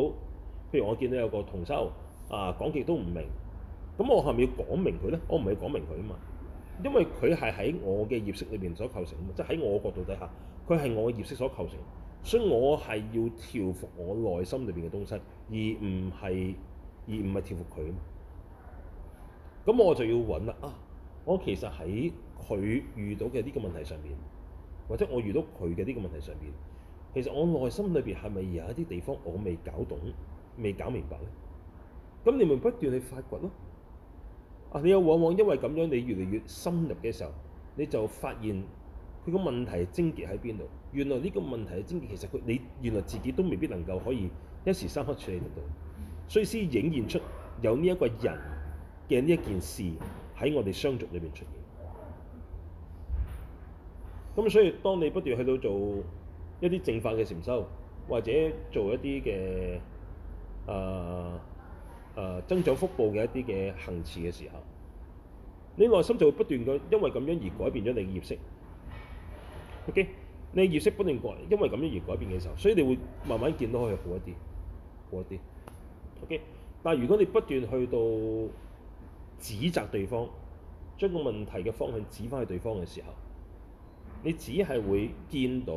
譬如我見到有個同修啊，講極都唔明，咁我係咪要講明佢咧？我唔係講明佢啊嘛，因為佢係喺我嘅業識裏邊所構成啊嘛，即係喺我角度底下，佢係我嘅業識所構成。所以我係要調伏我內心裏邊嘅東西，而唔係而唔係調伏佢。咁我就要揾啦啊！我其實喺佢遇到嘅呢個問題上面，或者我遇到佢嘅呢個問題上面，其實我內心裏邊係咪有一啲地方我未搞懂、未搞明白呢？咁你咪不斷去發掘咯。啊！你又往往因為咁樣，你越嚟越深入嘅時候，你就發現佢個問題症結喺邊度？原來呢個問題嘅真義，其實佢你原來自己都未必能夠可以一時三刻處理得到，所以先映現出有呢一個人嘅呢一件事喺我哋商族裏邊出現。咁所以當你不斷去到做一啲正法嘅禪修，或者做一啲嘅啊啊增長福報嘅一啲嘅行持嘅時候，你內心就會不斷嘅因為咁樣而改變咗你嘅業識。OK。你業識不斷改，因為咁樣而改變嘅時候，所以你會慢慢見到佢好一啲，好一啲。OK，但係如果你不斷去到指責對方，將個問題嘅方向指返去對方嘅時候，你只係會見到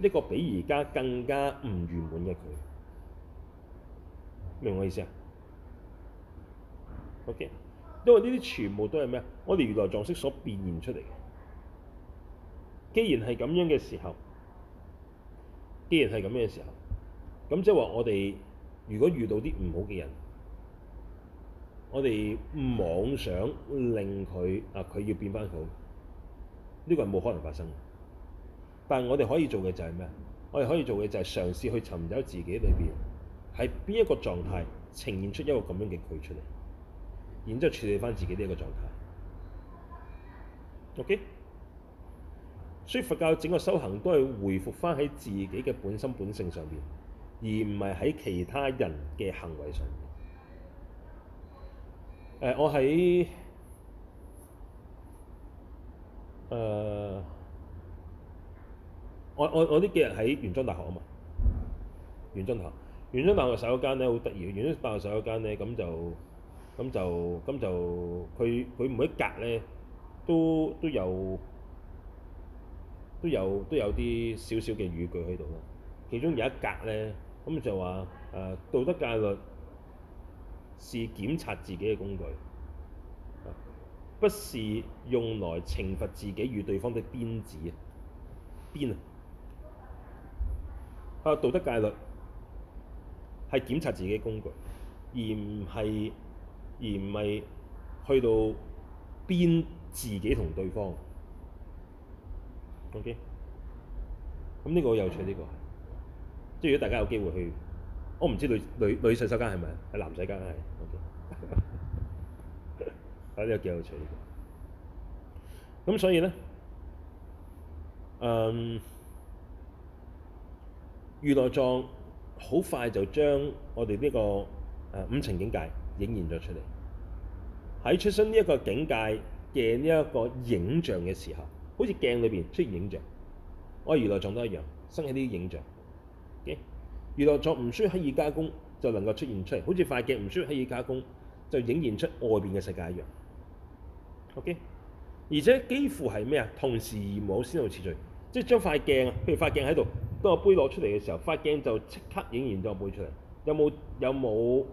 一個比而家更加唔完滿嘅佢。明唔明我意思啊？OK，因為呢啲全部都係咩？我哋原來藏識所變現出嚟。既然係咁樣嘅時候，既然係咁樣嘅時候，咁即係話我哋如果遇到啲唔好嘅人，我哋妄想令佢啊，佢要變翻好。呢、這個係冇可能發生的。但我哋可以做嘅就係咩？我哋可以做嘅就係嘗試去尋找自己裏邊係邊一個狀態呈現出一個咁樣嘅佢出嚟，然之後處理翻自己呢一個狀態。OK。所以佛教整個修行都係回復翻喺自己嘅本心本性上面，而唔係喺其他人嘅行為上面。誒，我喺誒，我我我呢幾日喺元莊大學啊嘛，元莊大學，元莊大學嗰洗手間咧好得意，元莊大學嗰洗手間咧咁就咁就咁就佢佢每一格咧都都有。都有都有啲少少嘅語句喺度啦，其中有一格呢，咁就話誒道德戒律是檢察自己嘅工具，不是用來懲罰自己與對方的鞭子，鞭啊！啊，道德戒律係檢察自己嘅工具，而唔係而唔係去到鞭自己同對方。O.K. 咁呢個有趣，呢、這個即係如果大家有機會去，我唔知女女女洗手間係咪，係男洗手間係。啊，呢、okay, <laughs> 個幾有趣呢、這個。咁所以咧，嗯，如來藏好快就將我哋呢個誒五情境界影現咗出嚟。喺出生呢一個境界嘅呢一個影像嘅時候。好似鏡裏邊出現影像，我娛樂藏都一樣，生起呢啲影像。OK，娛樂藏唔需要刻意加工，就能夠出現出嚟，好似塊鏡唔需要刻意加工就影現出外邊嘅世界一樣。OK，而且幾乎係咩啊？同時而冇先後次序，即係將塊鏡啊，譬如塊鏡喺度，當個杯攞出嚟嘅時候，塊鏡就即刻影現咗個杯出嚟。有冇有冇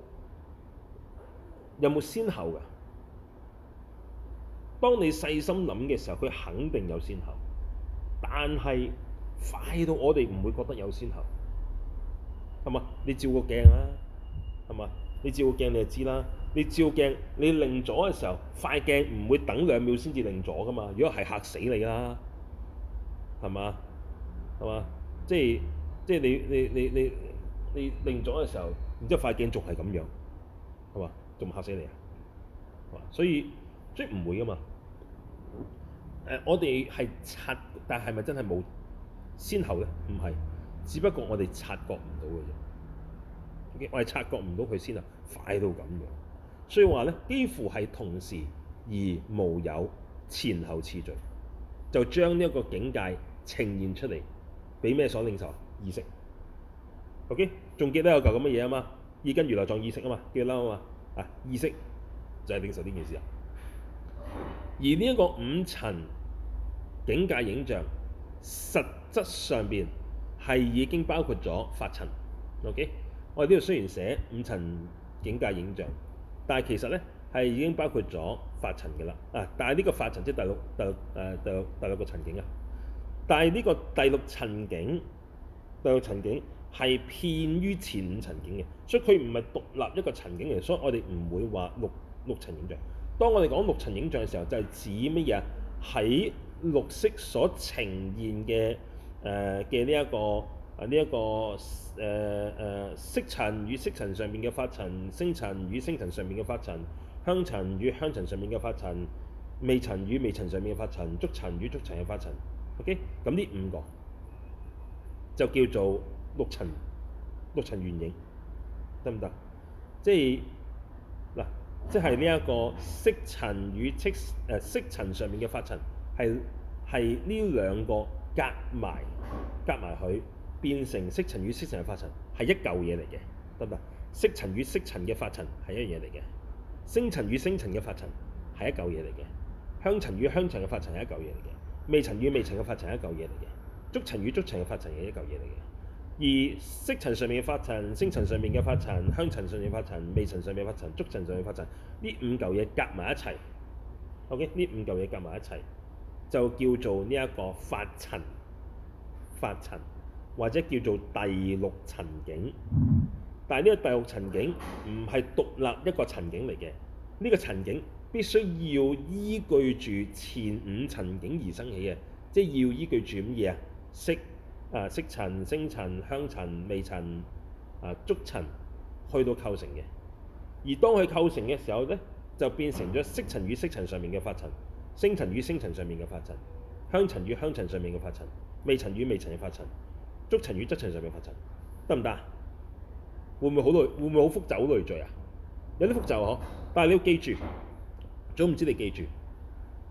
有冇先後㗎？有當你細心諗嘅時候，佢肯定有先後，但係快到我哋唔會覺得有先後，係嘛？你照個鏡啦，係嘛？你照個鏡你就知啦。你照鏡、啊，你擰咗嘅時候，塊鏡唔會等兩秒先至擰咗噶嘛？如果係嚇死你啦，係嘛？係嘛？即係即係你你你你你擰咗嘅時候，然之後塊鏡仲係咁樣，係嘛？仲嚇死你啊！所以即係唔會噶嘛。誒、呃，我哋係察，但係咪真係冇先後咧？唔係，只不過我哋察覺唔到嘅啫。OK? 我係察覺唔到佢先後快到咁樣，所以話咧，幾乎係同時而無有前後次序，就將呢一個境界呈現出嚟，俾咩所領受？OK? 啊？意識。OK，仲記得有嚿咁嘅嘢啊嘛？意根如來藏意識啊嘛，記得啦好嘛啊！意識就係、是、領受呢件事啊。而呢一個五塵。境界影像實質上邊係已經包括咗法塵。OK，我哋呢度雖然寫五層境界影像，但係其實呢係已經包括咗法塵嘅啦。啊，但係呢個法塵即係第六第六誒、啊、第六第六個層景啊。但係呢個第六層景第六層景係偏於前五層景嘅，所以佢唔係獨立一個層景嚟，所以我哋唔會話六六層影像。當我哋講六層影像嘅時候，就係、是、指乜嘢喺？六色所呈現嘅誒嘅呢一個啊呢一個誒誒色塵與色塵上面嘅發塵，星塵與星塵上面嘅發塵，香塵與香塵上面嘅發塵，味塵與味塵上面嘅發塵，觸塵與觸塵嘅發塵。OK，咁呢五個就叫做六塵，六塵圓形，得唔得？即係嗱、啊，即係呢一個色塵與色誒色塵上面嘅發塵。係係呢兩個夾埋夾埋，佢變成色塵與色塵嘅法塵係一嚿嘢嚟嘅，得唔得？色塵與色塵嘅法塵係一樣嘢嚟嘅，聲塵與聲塵嘅法塵係一嚿嘢嚟嘅，香塵與香塵嘅法塵係一嚿嘢嚟嘅，味塵與味塵嘅法塵係一嚿嘢嚟嘅，觸塵與觸塵嘅法塵係一嚿嘢嚟嘅。而色塵上面嘅法塵、聲塵上面嘅法塵、香塵上面嘅法塵、味塵上面嘅法塵、觸塵上面嘅法塵呢五嚿嘢夾埋一齊，OK 呢五嚿嘢夾埋一齊。就叫做呢一個法塵，法塵或者叫做第六塵境。但係呢個第六塵境唔係獨立一個塵境嚟嘅，呢、呢個塵境必須要依據住前五塵境而生起嘅，即係要依據住乜嘢啊？色啊色塵、聲塵、香塵、味塵啊、觸塵去到構成嘅。而當佢構成嘅時候呢，就變成咗色塵與色塵上面嘅法塵。星塵與星塵上面嘅法塵，香塵與香塵上面嘅法塵，味塵與味塵嘅法塵，觸塵與觸塵上面法塵，得唔得啊？會唔會好累？會唔會好複雜好累贅啊？有啲複雜啊，嗬！但係你要記住，總唔知你記住，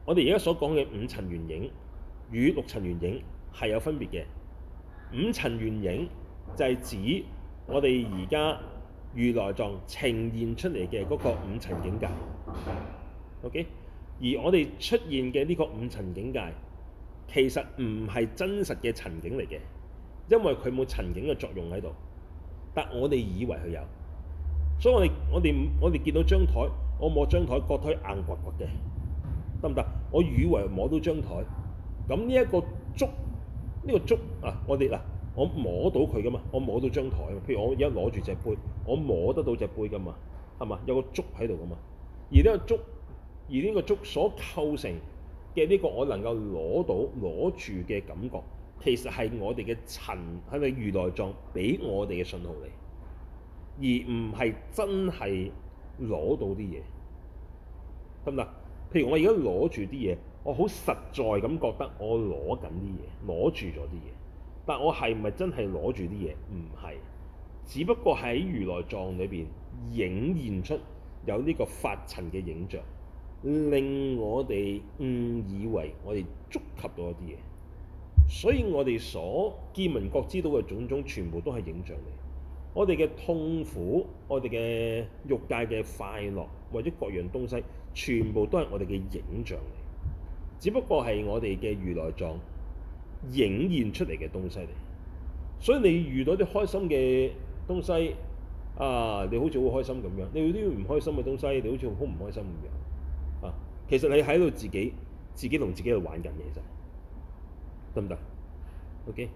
我哋而家所講嘅五塵圓影與六塵圓影係有分別嘅。五塵圓影就係指我哋而家如來藏呈現出嚟嘅嗰個五塵境界。OK。而我哋出現嘅呢個五塵境界，其實唔係真實嘅塵境嚟嘅，因為佢冇塵境嘅作用喺度，但我哋以為佢有，所以我哋我哋我哋見到張台，我摸張台，個台硬滑滑嘅，得唔得？我以為摸到張台，咁呢一個觸，呢個觸，啊，我哋嗱，我摸到佢噶嘛，我摸到張台，譬如我而家攞住隻杯，我摸得到隻杯噶嘛，係嘛？有個觸喺度噶嘛，而呢個觸。而呢個足所構成嘅呢個我能夠攞到攞住嘅感覺，其實係我哋嘅塵係咪如來藏俾我哋嘅信號嚟，而唔係真係攞到啲嘢，得唔得？譬如我而家攞住啲嘢，我好實在咁覺得我攞緊啲嘢，攞住咗啲嘢，但我係咪真係攞住啲嘢？唔係，只不過喺如來藏裏邊影現出有呢個法塵嘅影像。令我哋誤以為我哋觸及到一啲嘢，所以我哋所見聞覺知到嘅種種，全部都係影像嚟。我哋嘅痛苦，我哋嘅欲界嘅快樂，或者各樣東西，全部都係我哋嘅影像嚟。只不過係我哋嘅如來藏影現出嚟嘅東西嚟。所以你遇到啲開心嘅東西啊，你好似好開心咁樣；你遇啲唔開心嘅東西，你好似好唔開心咁樣。其實你喺度自己，自己同自己喺度玩緊嘢，其實得唔得？OK，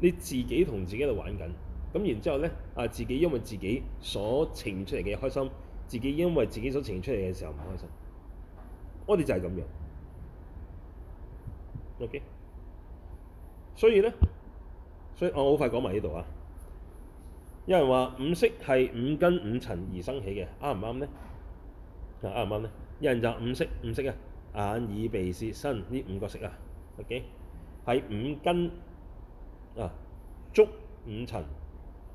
你自己同自己喺度玩緊，咁然之後咧，啊自己因為自己所呈現出嚟嘅開心，自己因為自己所呈現出嚟嘅時候唔開心，我哋就係咁樣。OK，所以咧，所以我好快講埋呢度啊。有人話五色係五根五塵而生起嘅，啱唔啱咧？嗱，啱唔啱咧？有人就五色，OK? 五色啊！眼、耳、鼻、舌、身呢五個色啊，OK，係五根啊觸五層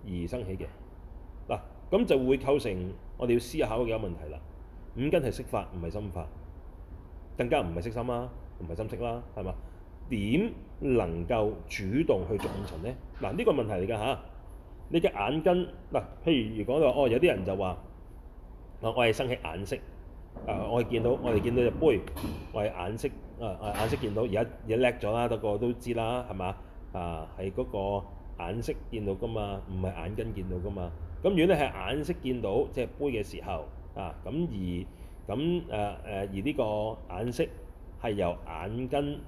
而生起嘅。嗱、啊，咁就會構成我哋要思考嘅問題啦。五根係色法，唔係心法，更加唔係色心啦、啊，唔係心色啦、啊，係嘛？點能夠主動去觸五層咧？嗱、啊，呢、這個問題嚟㗎嚇。你嘅眼根嗱、啊，譬如如果話哦，有啲人就話、啊，我係生起眼色。誒、啊，我哋見到，我哋見到隻杯，我係眼色誒、啊、眼色見到。而家而叻咗啦，個個都知啦，係嘛？啊，係嗰個眼色見到噶嘛，唔係眼根見到噶嘛。咁如果你係眼色見到隻杯嘅時候啊，咁而咁誒誒，而呢個眼色係由眼根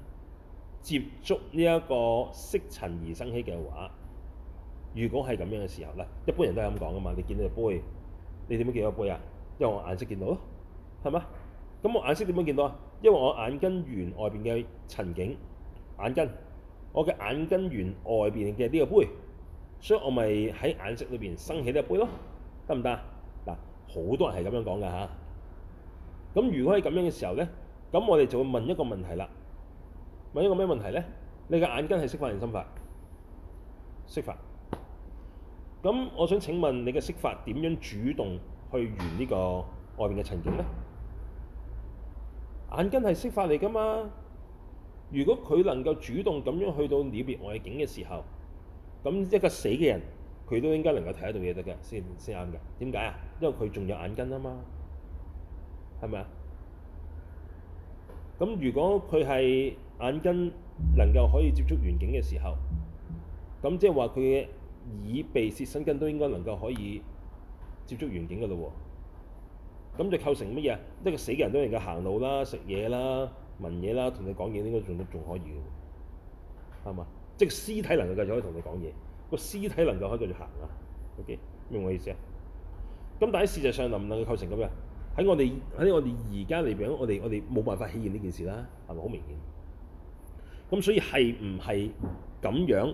接觸呢一個色塵而生起嘅話，如果係咁樣嘅時候咧，一般人都係咁講噶嘛。你見到隻杯，你點樣見到杯啊？因為我眼色見到咯。係嘛？咁我眼色點樣見到啊？因為我眼根緣外邊嘅塵境，眼根，我嘅眼根緣外邊嘅呢個杯，所以我咪喺眼色裏邊生起呢個杯咯，得唔得啊？嗱，好多人係咁樣講嘅吓，咁如果係咁樣嘅時候咧，咁我哋就會問一個問題啦。問一個咩問題咧？你嘅眼根係色法定心法，色法。咁我想請問你嘅色法點樣主動去緣呢個外邊嘅塵境咧？眼根係識法嚟噶嘛？如果佢能夠主動咁樣去到了別外境嘅時候，咁一個死嘅人，佢都應該能夠睇得到嘢得嘅，先先啱嘅。點解啊？因為佢仲有眼根啊嘛，係咪啊？咁如果佢係眼根能夠可以接觸完境嘅時候，咁即係話佢嘅耳鼻舌身根都應該能夠可以接觸完境嘅咯喎。咁就構成乜嘢？一個死嘅人都能夠行路啦、食嘢啦、聞嘢啦、同你講嘢應該仲仲可以嘅。係嘛？即個屍體能夠繼續可以同你講嘢，個屍體能夠可以繼續行啊。OK，明我意思啊？咁但喺事實上能唔能夠構成咁樣？喺我哋喺我哋而家嚟講，我哋我哋冇辦法起現呢件事啦，係咪好明顯？咁所以係唔係咁樣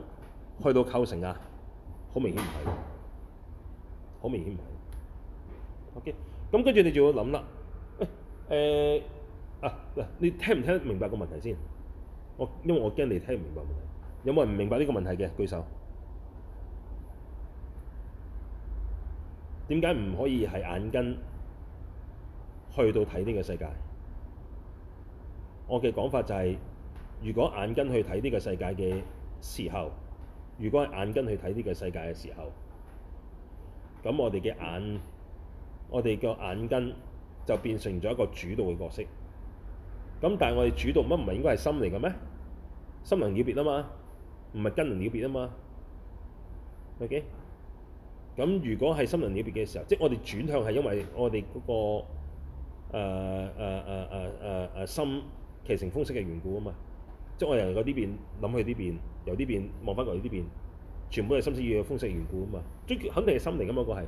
去到構成啊？好明顯唔係，好明顯唔係。OK。咁跟住你就要諗啦，誒啊，你聽唔聽得明白個問題先？我因為我驚你聽唔明白問題，有冇人唔明白呢個問題嘅？舉手。點解唔可以係眼根去到睇呢個世界？我嘅講法就係，如果眼根去睇呢個世界嘅時候，如果係眼根去睇呢個世界嘅時候，咁我哋嘅眼。我哋個眼根就變成咗一個主導嘅角色。咁但係我哋主導乜唔係應該係心嚟嘅咩？心能了別啊嘛，唔係根能了別啊嘛。OK，咁如果係心能了別嘅時候，即係我哋轉向係因為我哋嗰、那個誒誒誒誒誒心騎成風息嘅緣故啊嘛。即係我由呢邊諗去呢邊，由呢邊望翻過去呢邊，全部都係心思要與風息緣故啊嘛。即肯定係心嚟㗎嘛，那個係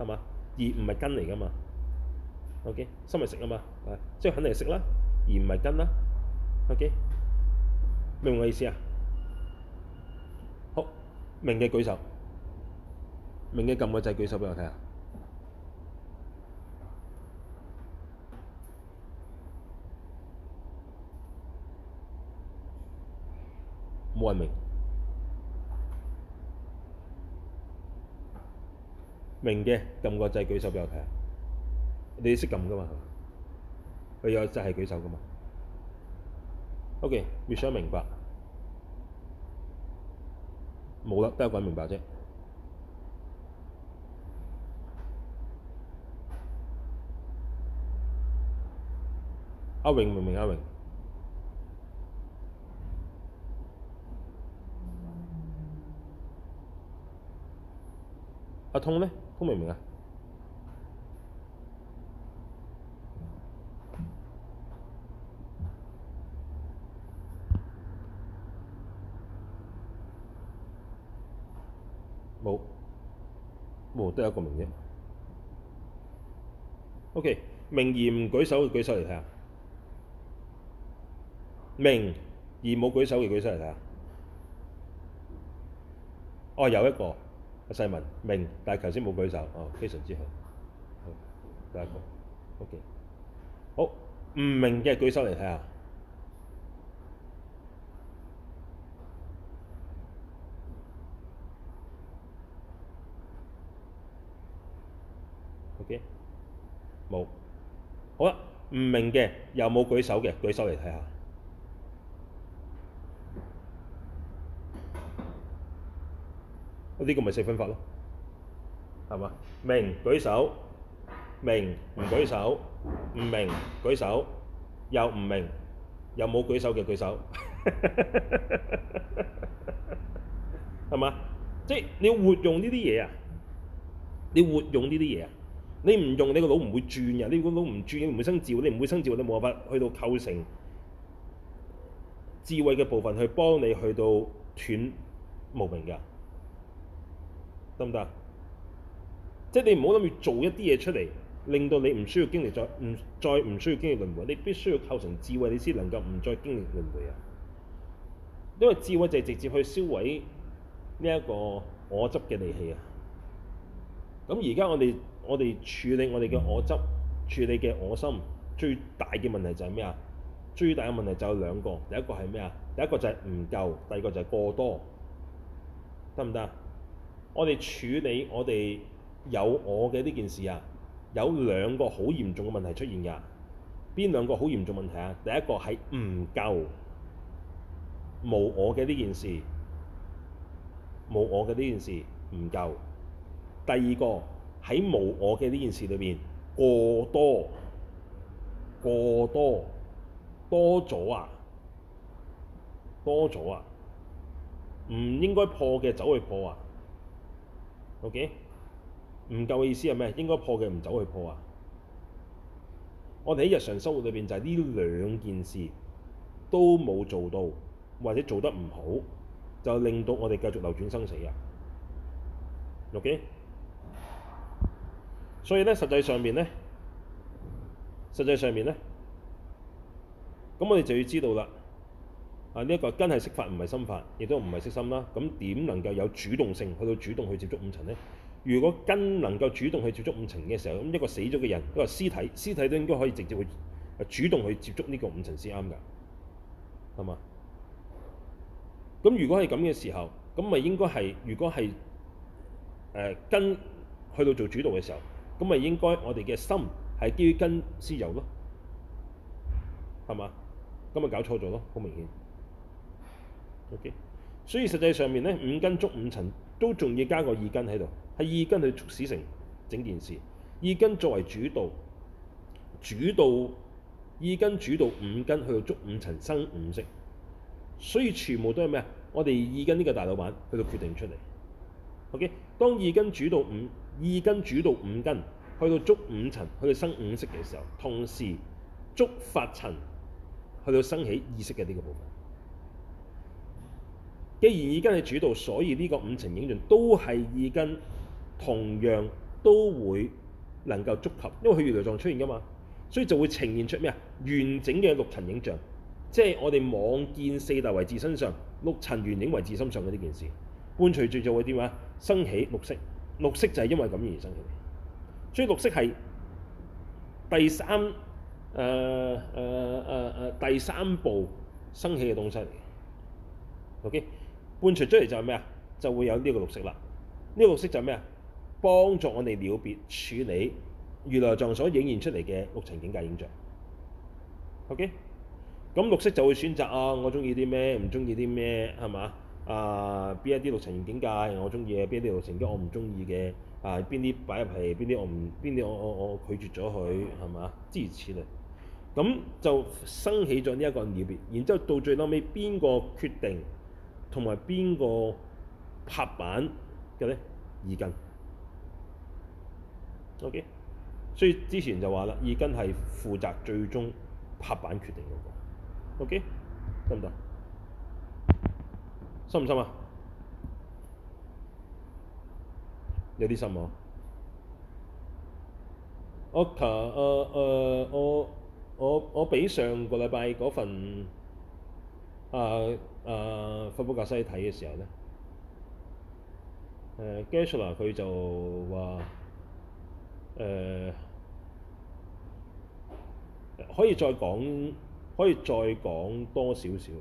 係嘛？而唔係根嚟噶嘛，OK，心係食啊嘛，即係肯定係食啦，而唔係根啦，OK，明唔明我意思啊？好，明嘅舉手，明嘅撳個掣舉手俾我睇下，冇人明。明嘅撳個掣舉手俾我睇下。你識撳噶嘛？佢有掣係舉手噶嘛？OK，越想明白，冇啦，得一個人明白啫。阿榮明唔明？阿榮，阿通呢？咁明唔明啊？冇，冇得一個明啫。OK，明而唔舉手嘅舉手嚟睇下。明而冇舉手嘅舉手嚟睇下。哦，有一個。阿細文明，但係頭先冇舉手哦，非常之好。好，下一個，OK，好，唔明嘅舉手嚟睇下。OK，冇，好啦，唔明嘅又冇舉手嘅，舉手嚟睇下。呢、這個咪四分法咯，係嘛？明舉手，明唔舉手，唔明舉手，又唔明又冇舉手嘅舉手，係 <laughs> 嘛？即係你活用呢啲嘢啊！你活用呢啲嘢啊！你唔用你個腦唔會轉啊，你個腦唔轉你唔會，會生智，你唔會生智你冇辦法去到構成智慧嘅部分去幫你去到斷無明嘅。得唔得？即係你唔好諗住做一啲嘢出嚟，令到你唔需要經歷再唔再唔需要經歷輪迴，你必須要構成智慧，你先能夠唔再經歷輪迴啊！因為智慧就係直接去燒毀呢一個我執嘅利器啊！咁而家我哋我哋處理我哋嘅我執、嗯、處理嘅我心，最大嘅問題就係咩啊？最大嘅問題就有兩個，第一個係咩啊？第一個就係唔夠，第二個就係過多，得唔得啊？我哋處理我哋有我嘅呢件事啊，有兩個好嚴重嘅問題出現㗎。邊兩個好嚴重嘅問題啊？第一個係唔夠，冇我嘅呢件事，冇我嘅呢件事唔夠。第二個喺冇我嘅呢件事裏面，過多，過多，多咗啊，多咗啊，唔應該破嘅走去破啊！OK，唔夠嘅意思係咩？應該破嘅唔走去破啊！我哋喺日常生活裏邊就係呢兩件事都冇做到，或者做得唔好，就令到我哋繼續流轉生死啊！OK，所以咧實際上面咧，實際上面咧，咁我哋就要知道啦。啊！呢、這、一個根係色法，唔係心法，亦都唔係識心啦。咁點能夠有主動性去到主動去接觸五塵呢？如果根能夠主動去接觸五塵嘅時候，咁一個死咗嘅人，一個屍體，屍體都應該可以直接去主動去接觸呢個五塵先啱㗎，係嘛？咁如果係咁嘅時候，咁咪應該係如果係誒根去到做主導嘅時候，咁咪應該我哋嘅心係基於根先有咯，係嘛？咁咪搞錯咗咯，好明顯。OK，所以實際上面咧，五根足五層都仲要加個二根喺度，係二根去促使成整件事，二根作為主導，主導二根主導五根去到足五層生五色，所以全部都係咩啊？我哋二根呢個大老闆去到決定出嚟。OK，當二根主導五，二根主導五根去到足五層，去到生五色嘅時候，同時觸發層去到生起意識嘅呢個部分。既然已經係主導，所以呢個五層影像都係已經同樣都會能夠觸及，因為佢如來藏出現㗎嘛，所以就會呈現出咩啊完整嘅六層影像，即係我哋望見四大維置身上六層原影維置身上嘅呢件事，伴隨住就會點啊升起綠色，綠色就係因為咁而生起，所以綠色係第三誒誒誒誒第三步生起嘅東西嚟 OK。判除出嚟就係咩啊？就會有呢個綠色啦。呢個綠色就係咩啊？幫助我哋了別處理原來藏所影現出嚟嘅六層境界影像。OK，咁綠色就會選擇啊，我中意啲咩？唔中意啲咩？係嘛？啊，邊一啲六層境界我中意嘅？邊一啲六層嘅我唔中意嘅？啊，邊啲擺入去？邊啲我唔？邊啲我我我拒絕咗佢？係嘛？諸如此類！咁就生起咗呢一個了別，然之後到最後尾邊個決定？同埋邊個拍板嘅呢？二根？OK，所以之前就話啦，二根係負責最終拍板決定嗰個。OK，得唔得？深唔深啊？有啲深冇？Ok，誒、呃、誒、呃，我我我畀上個禮拜嗰份誒。呃啊，科普格西睇嘅時候咧，誒 Gesler 佢就話誒、啊、可以再講，可以再講多少少。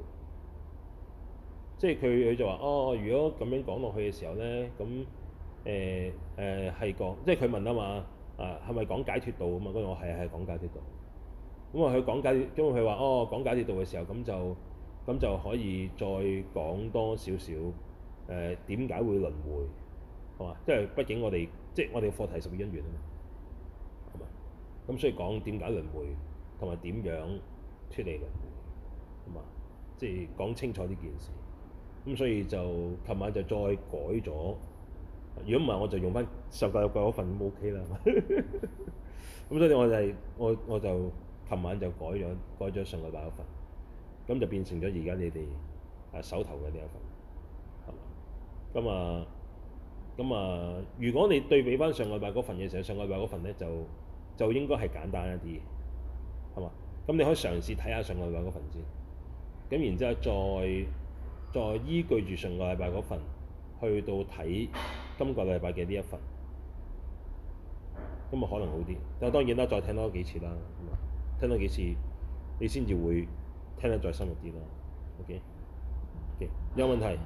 即係佢佢就話哦，如果咁樣講落去嘅時候咧，咁誒誒係講，即係佢問啊嘛，啊係咪講解脫道啊嘛？嗰我係係講解脫道。咁、嗯、啊，佢講解，因為佢話哦講解脫道嘅時候咁就。咁就可以再講多少少誒點解、呃、會輪迴，係嘛？因、就、為、是、畢竟我哋即係我哋嘅課題係十二因緣啊嘛，係嘛？咁所以講點解輪迴同埋點樣出嚟輪迴，係嘛？即係、就是、講清楚呢件事。咁所以就琴晚就再改咗。如果唔係我就用翻、 <laughs> 就是、上個禮拜份都 OK 啦。咁所以我就係我我就琴晚就改咗改咗上個禮拜嗰份。咁就變成咗而家你哋、啊、手頭嘅呢一份，係嘛？咁啊，咁、嗯、啊、嗯嗯嗯，如果你對比翻上個禮拜嗰份嘢上，上個禮拜嗰份呢，就就應該係簡單一啲，係嘛？咁你可以嘗試睇下上個禮拜嗰份先，咁然之後再再依據住上個禮拜嗰份去到睇今個禮拜嘅呢一份，咁啊可能好啲。但係當然啦，再聽多幾次啦，聽多幾次你先至會。聽得再深入啲咯，OK，OK，有問題。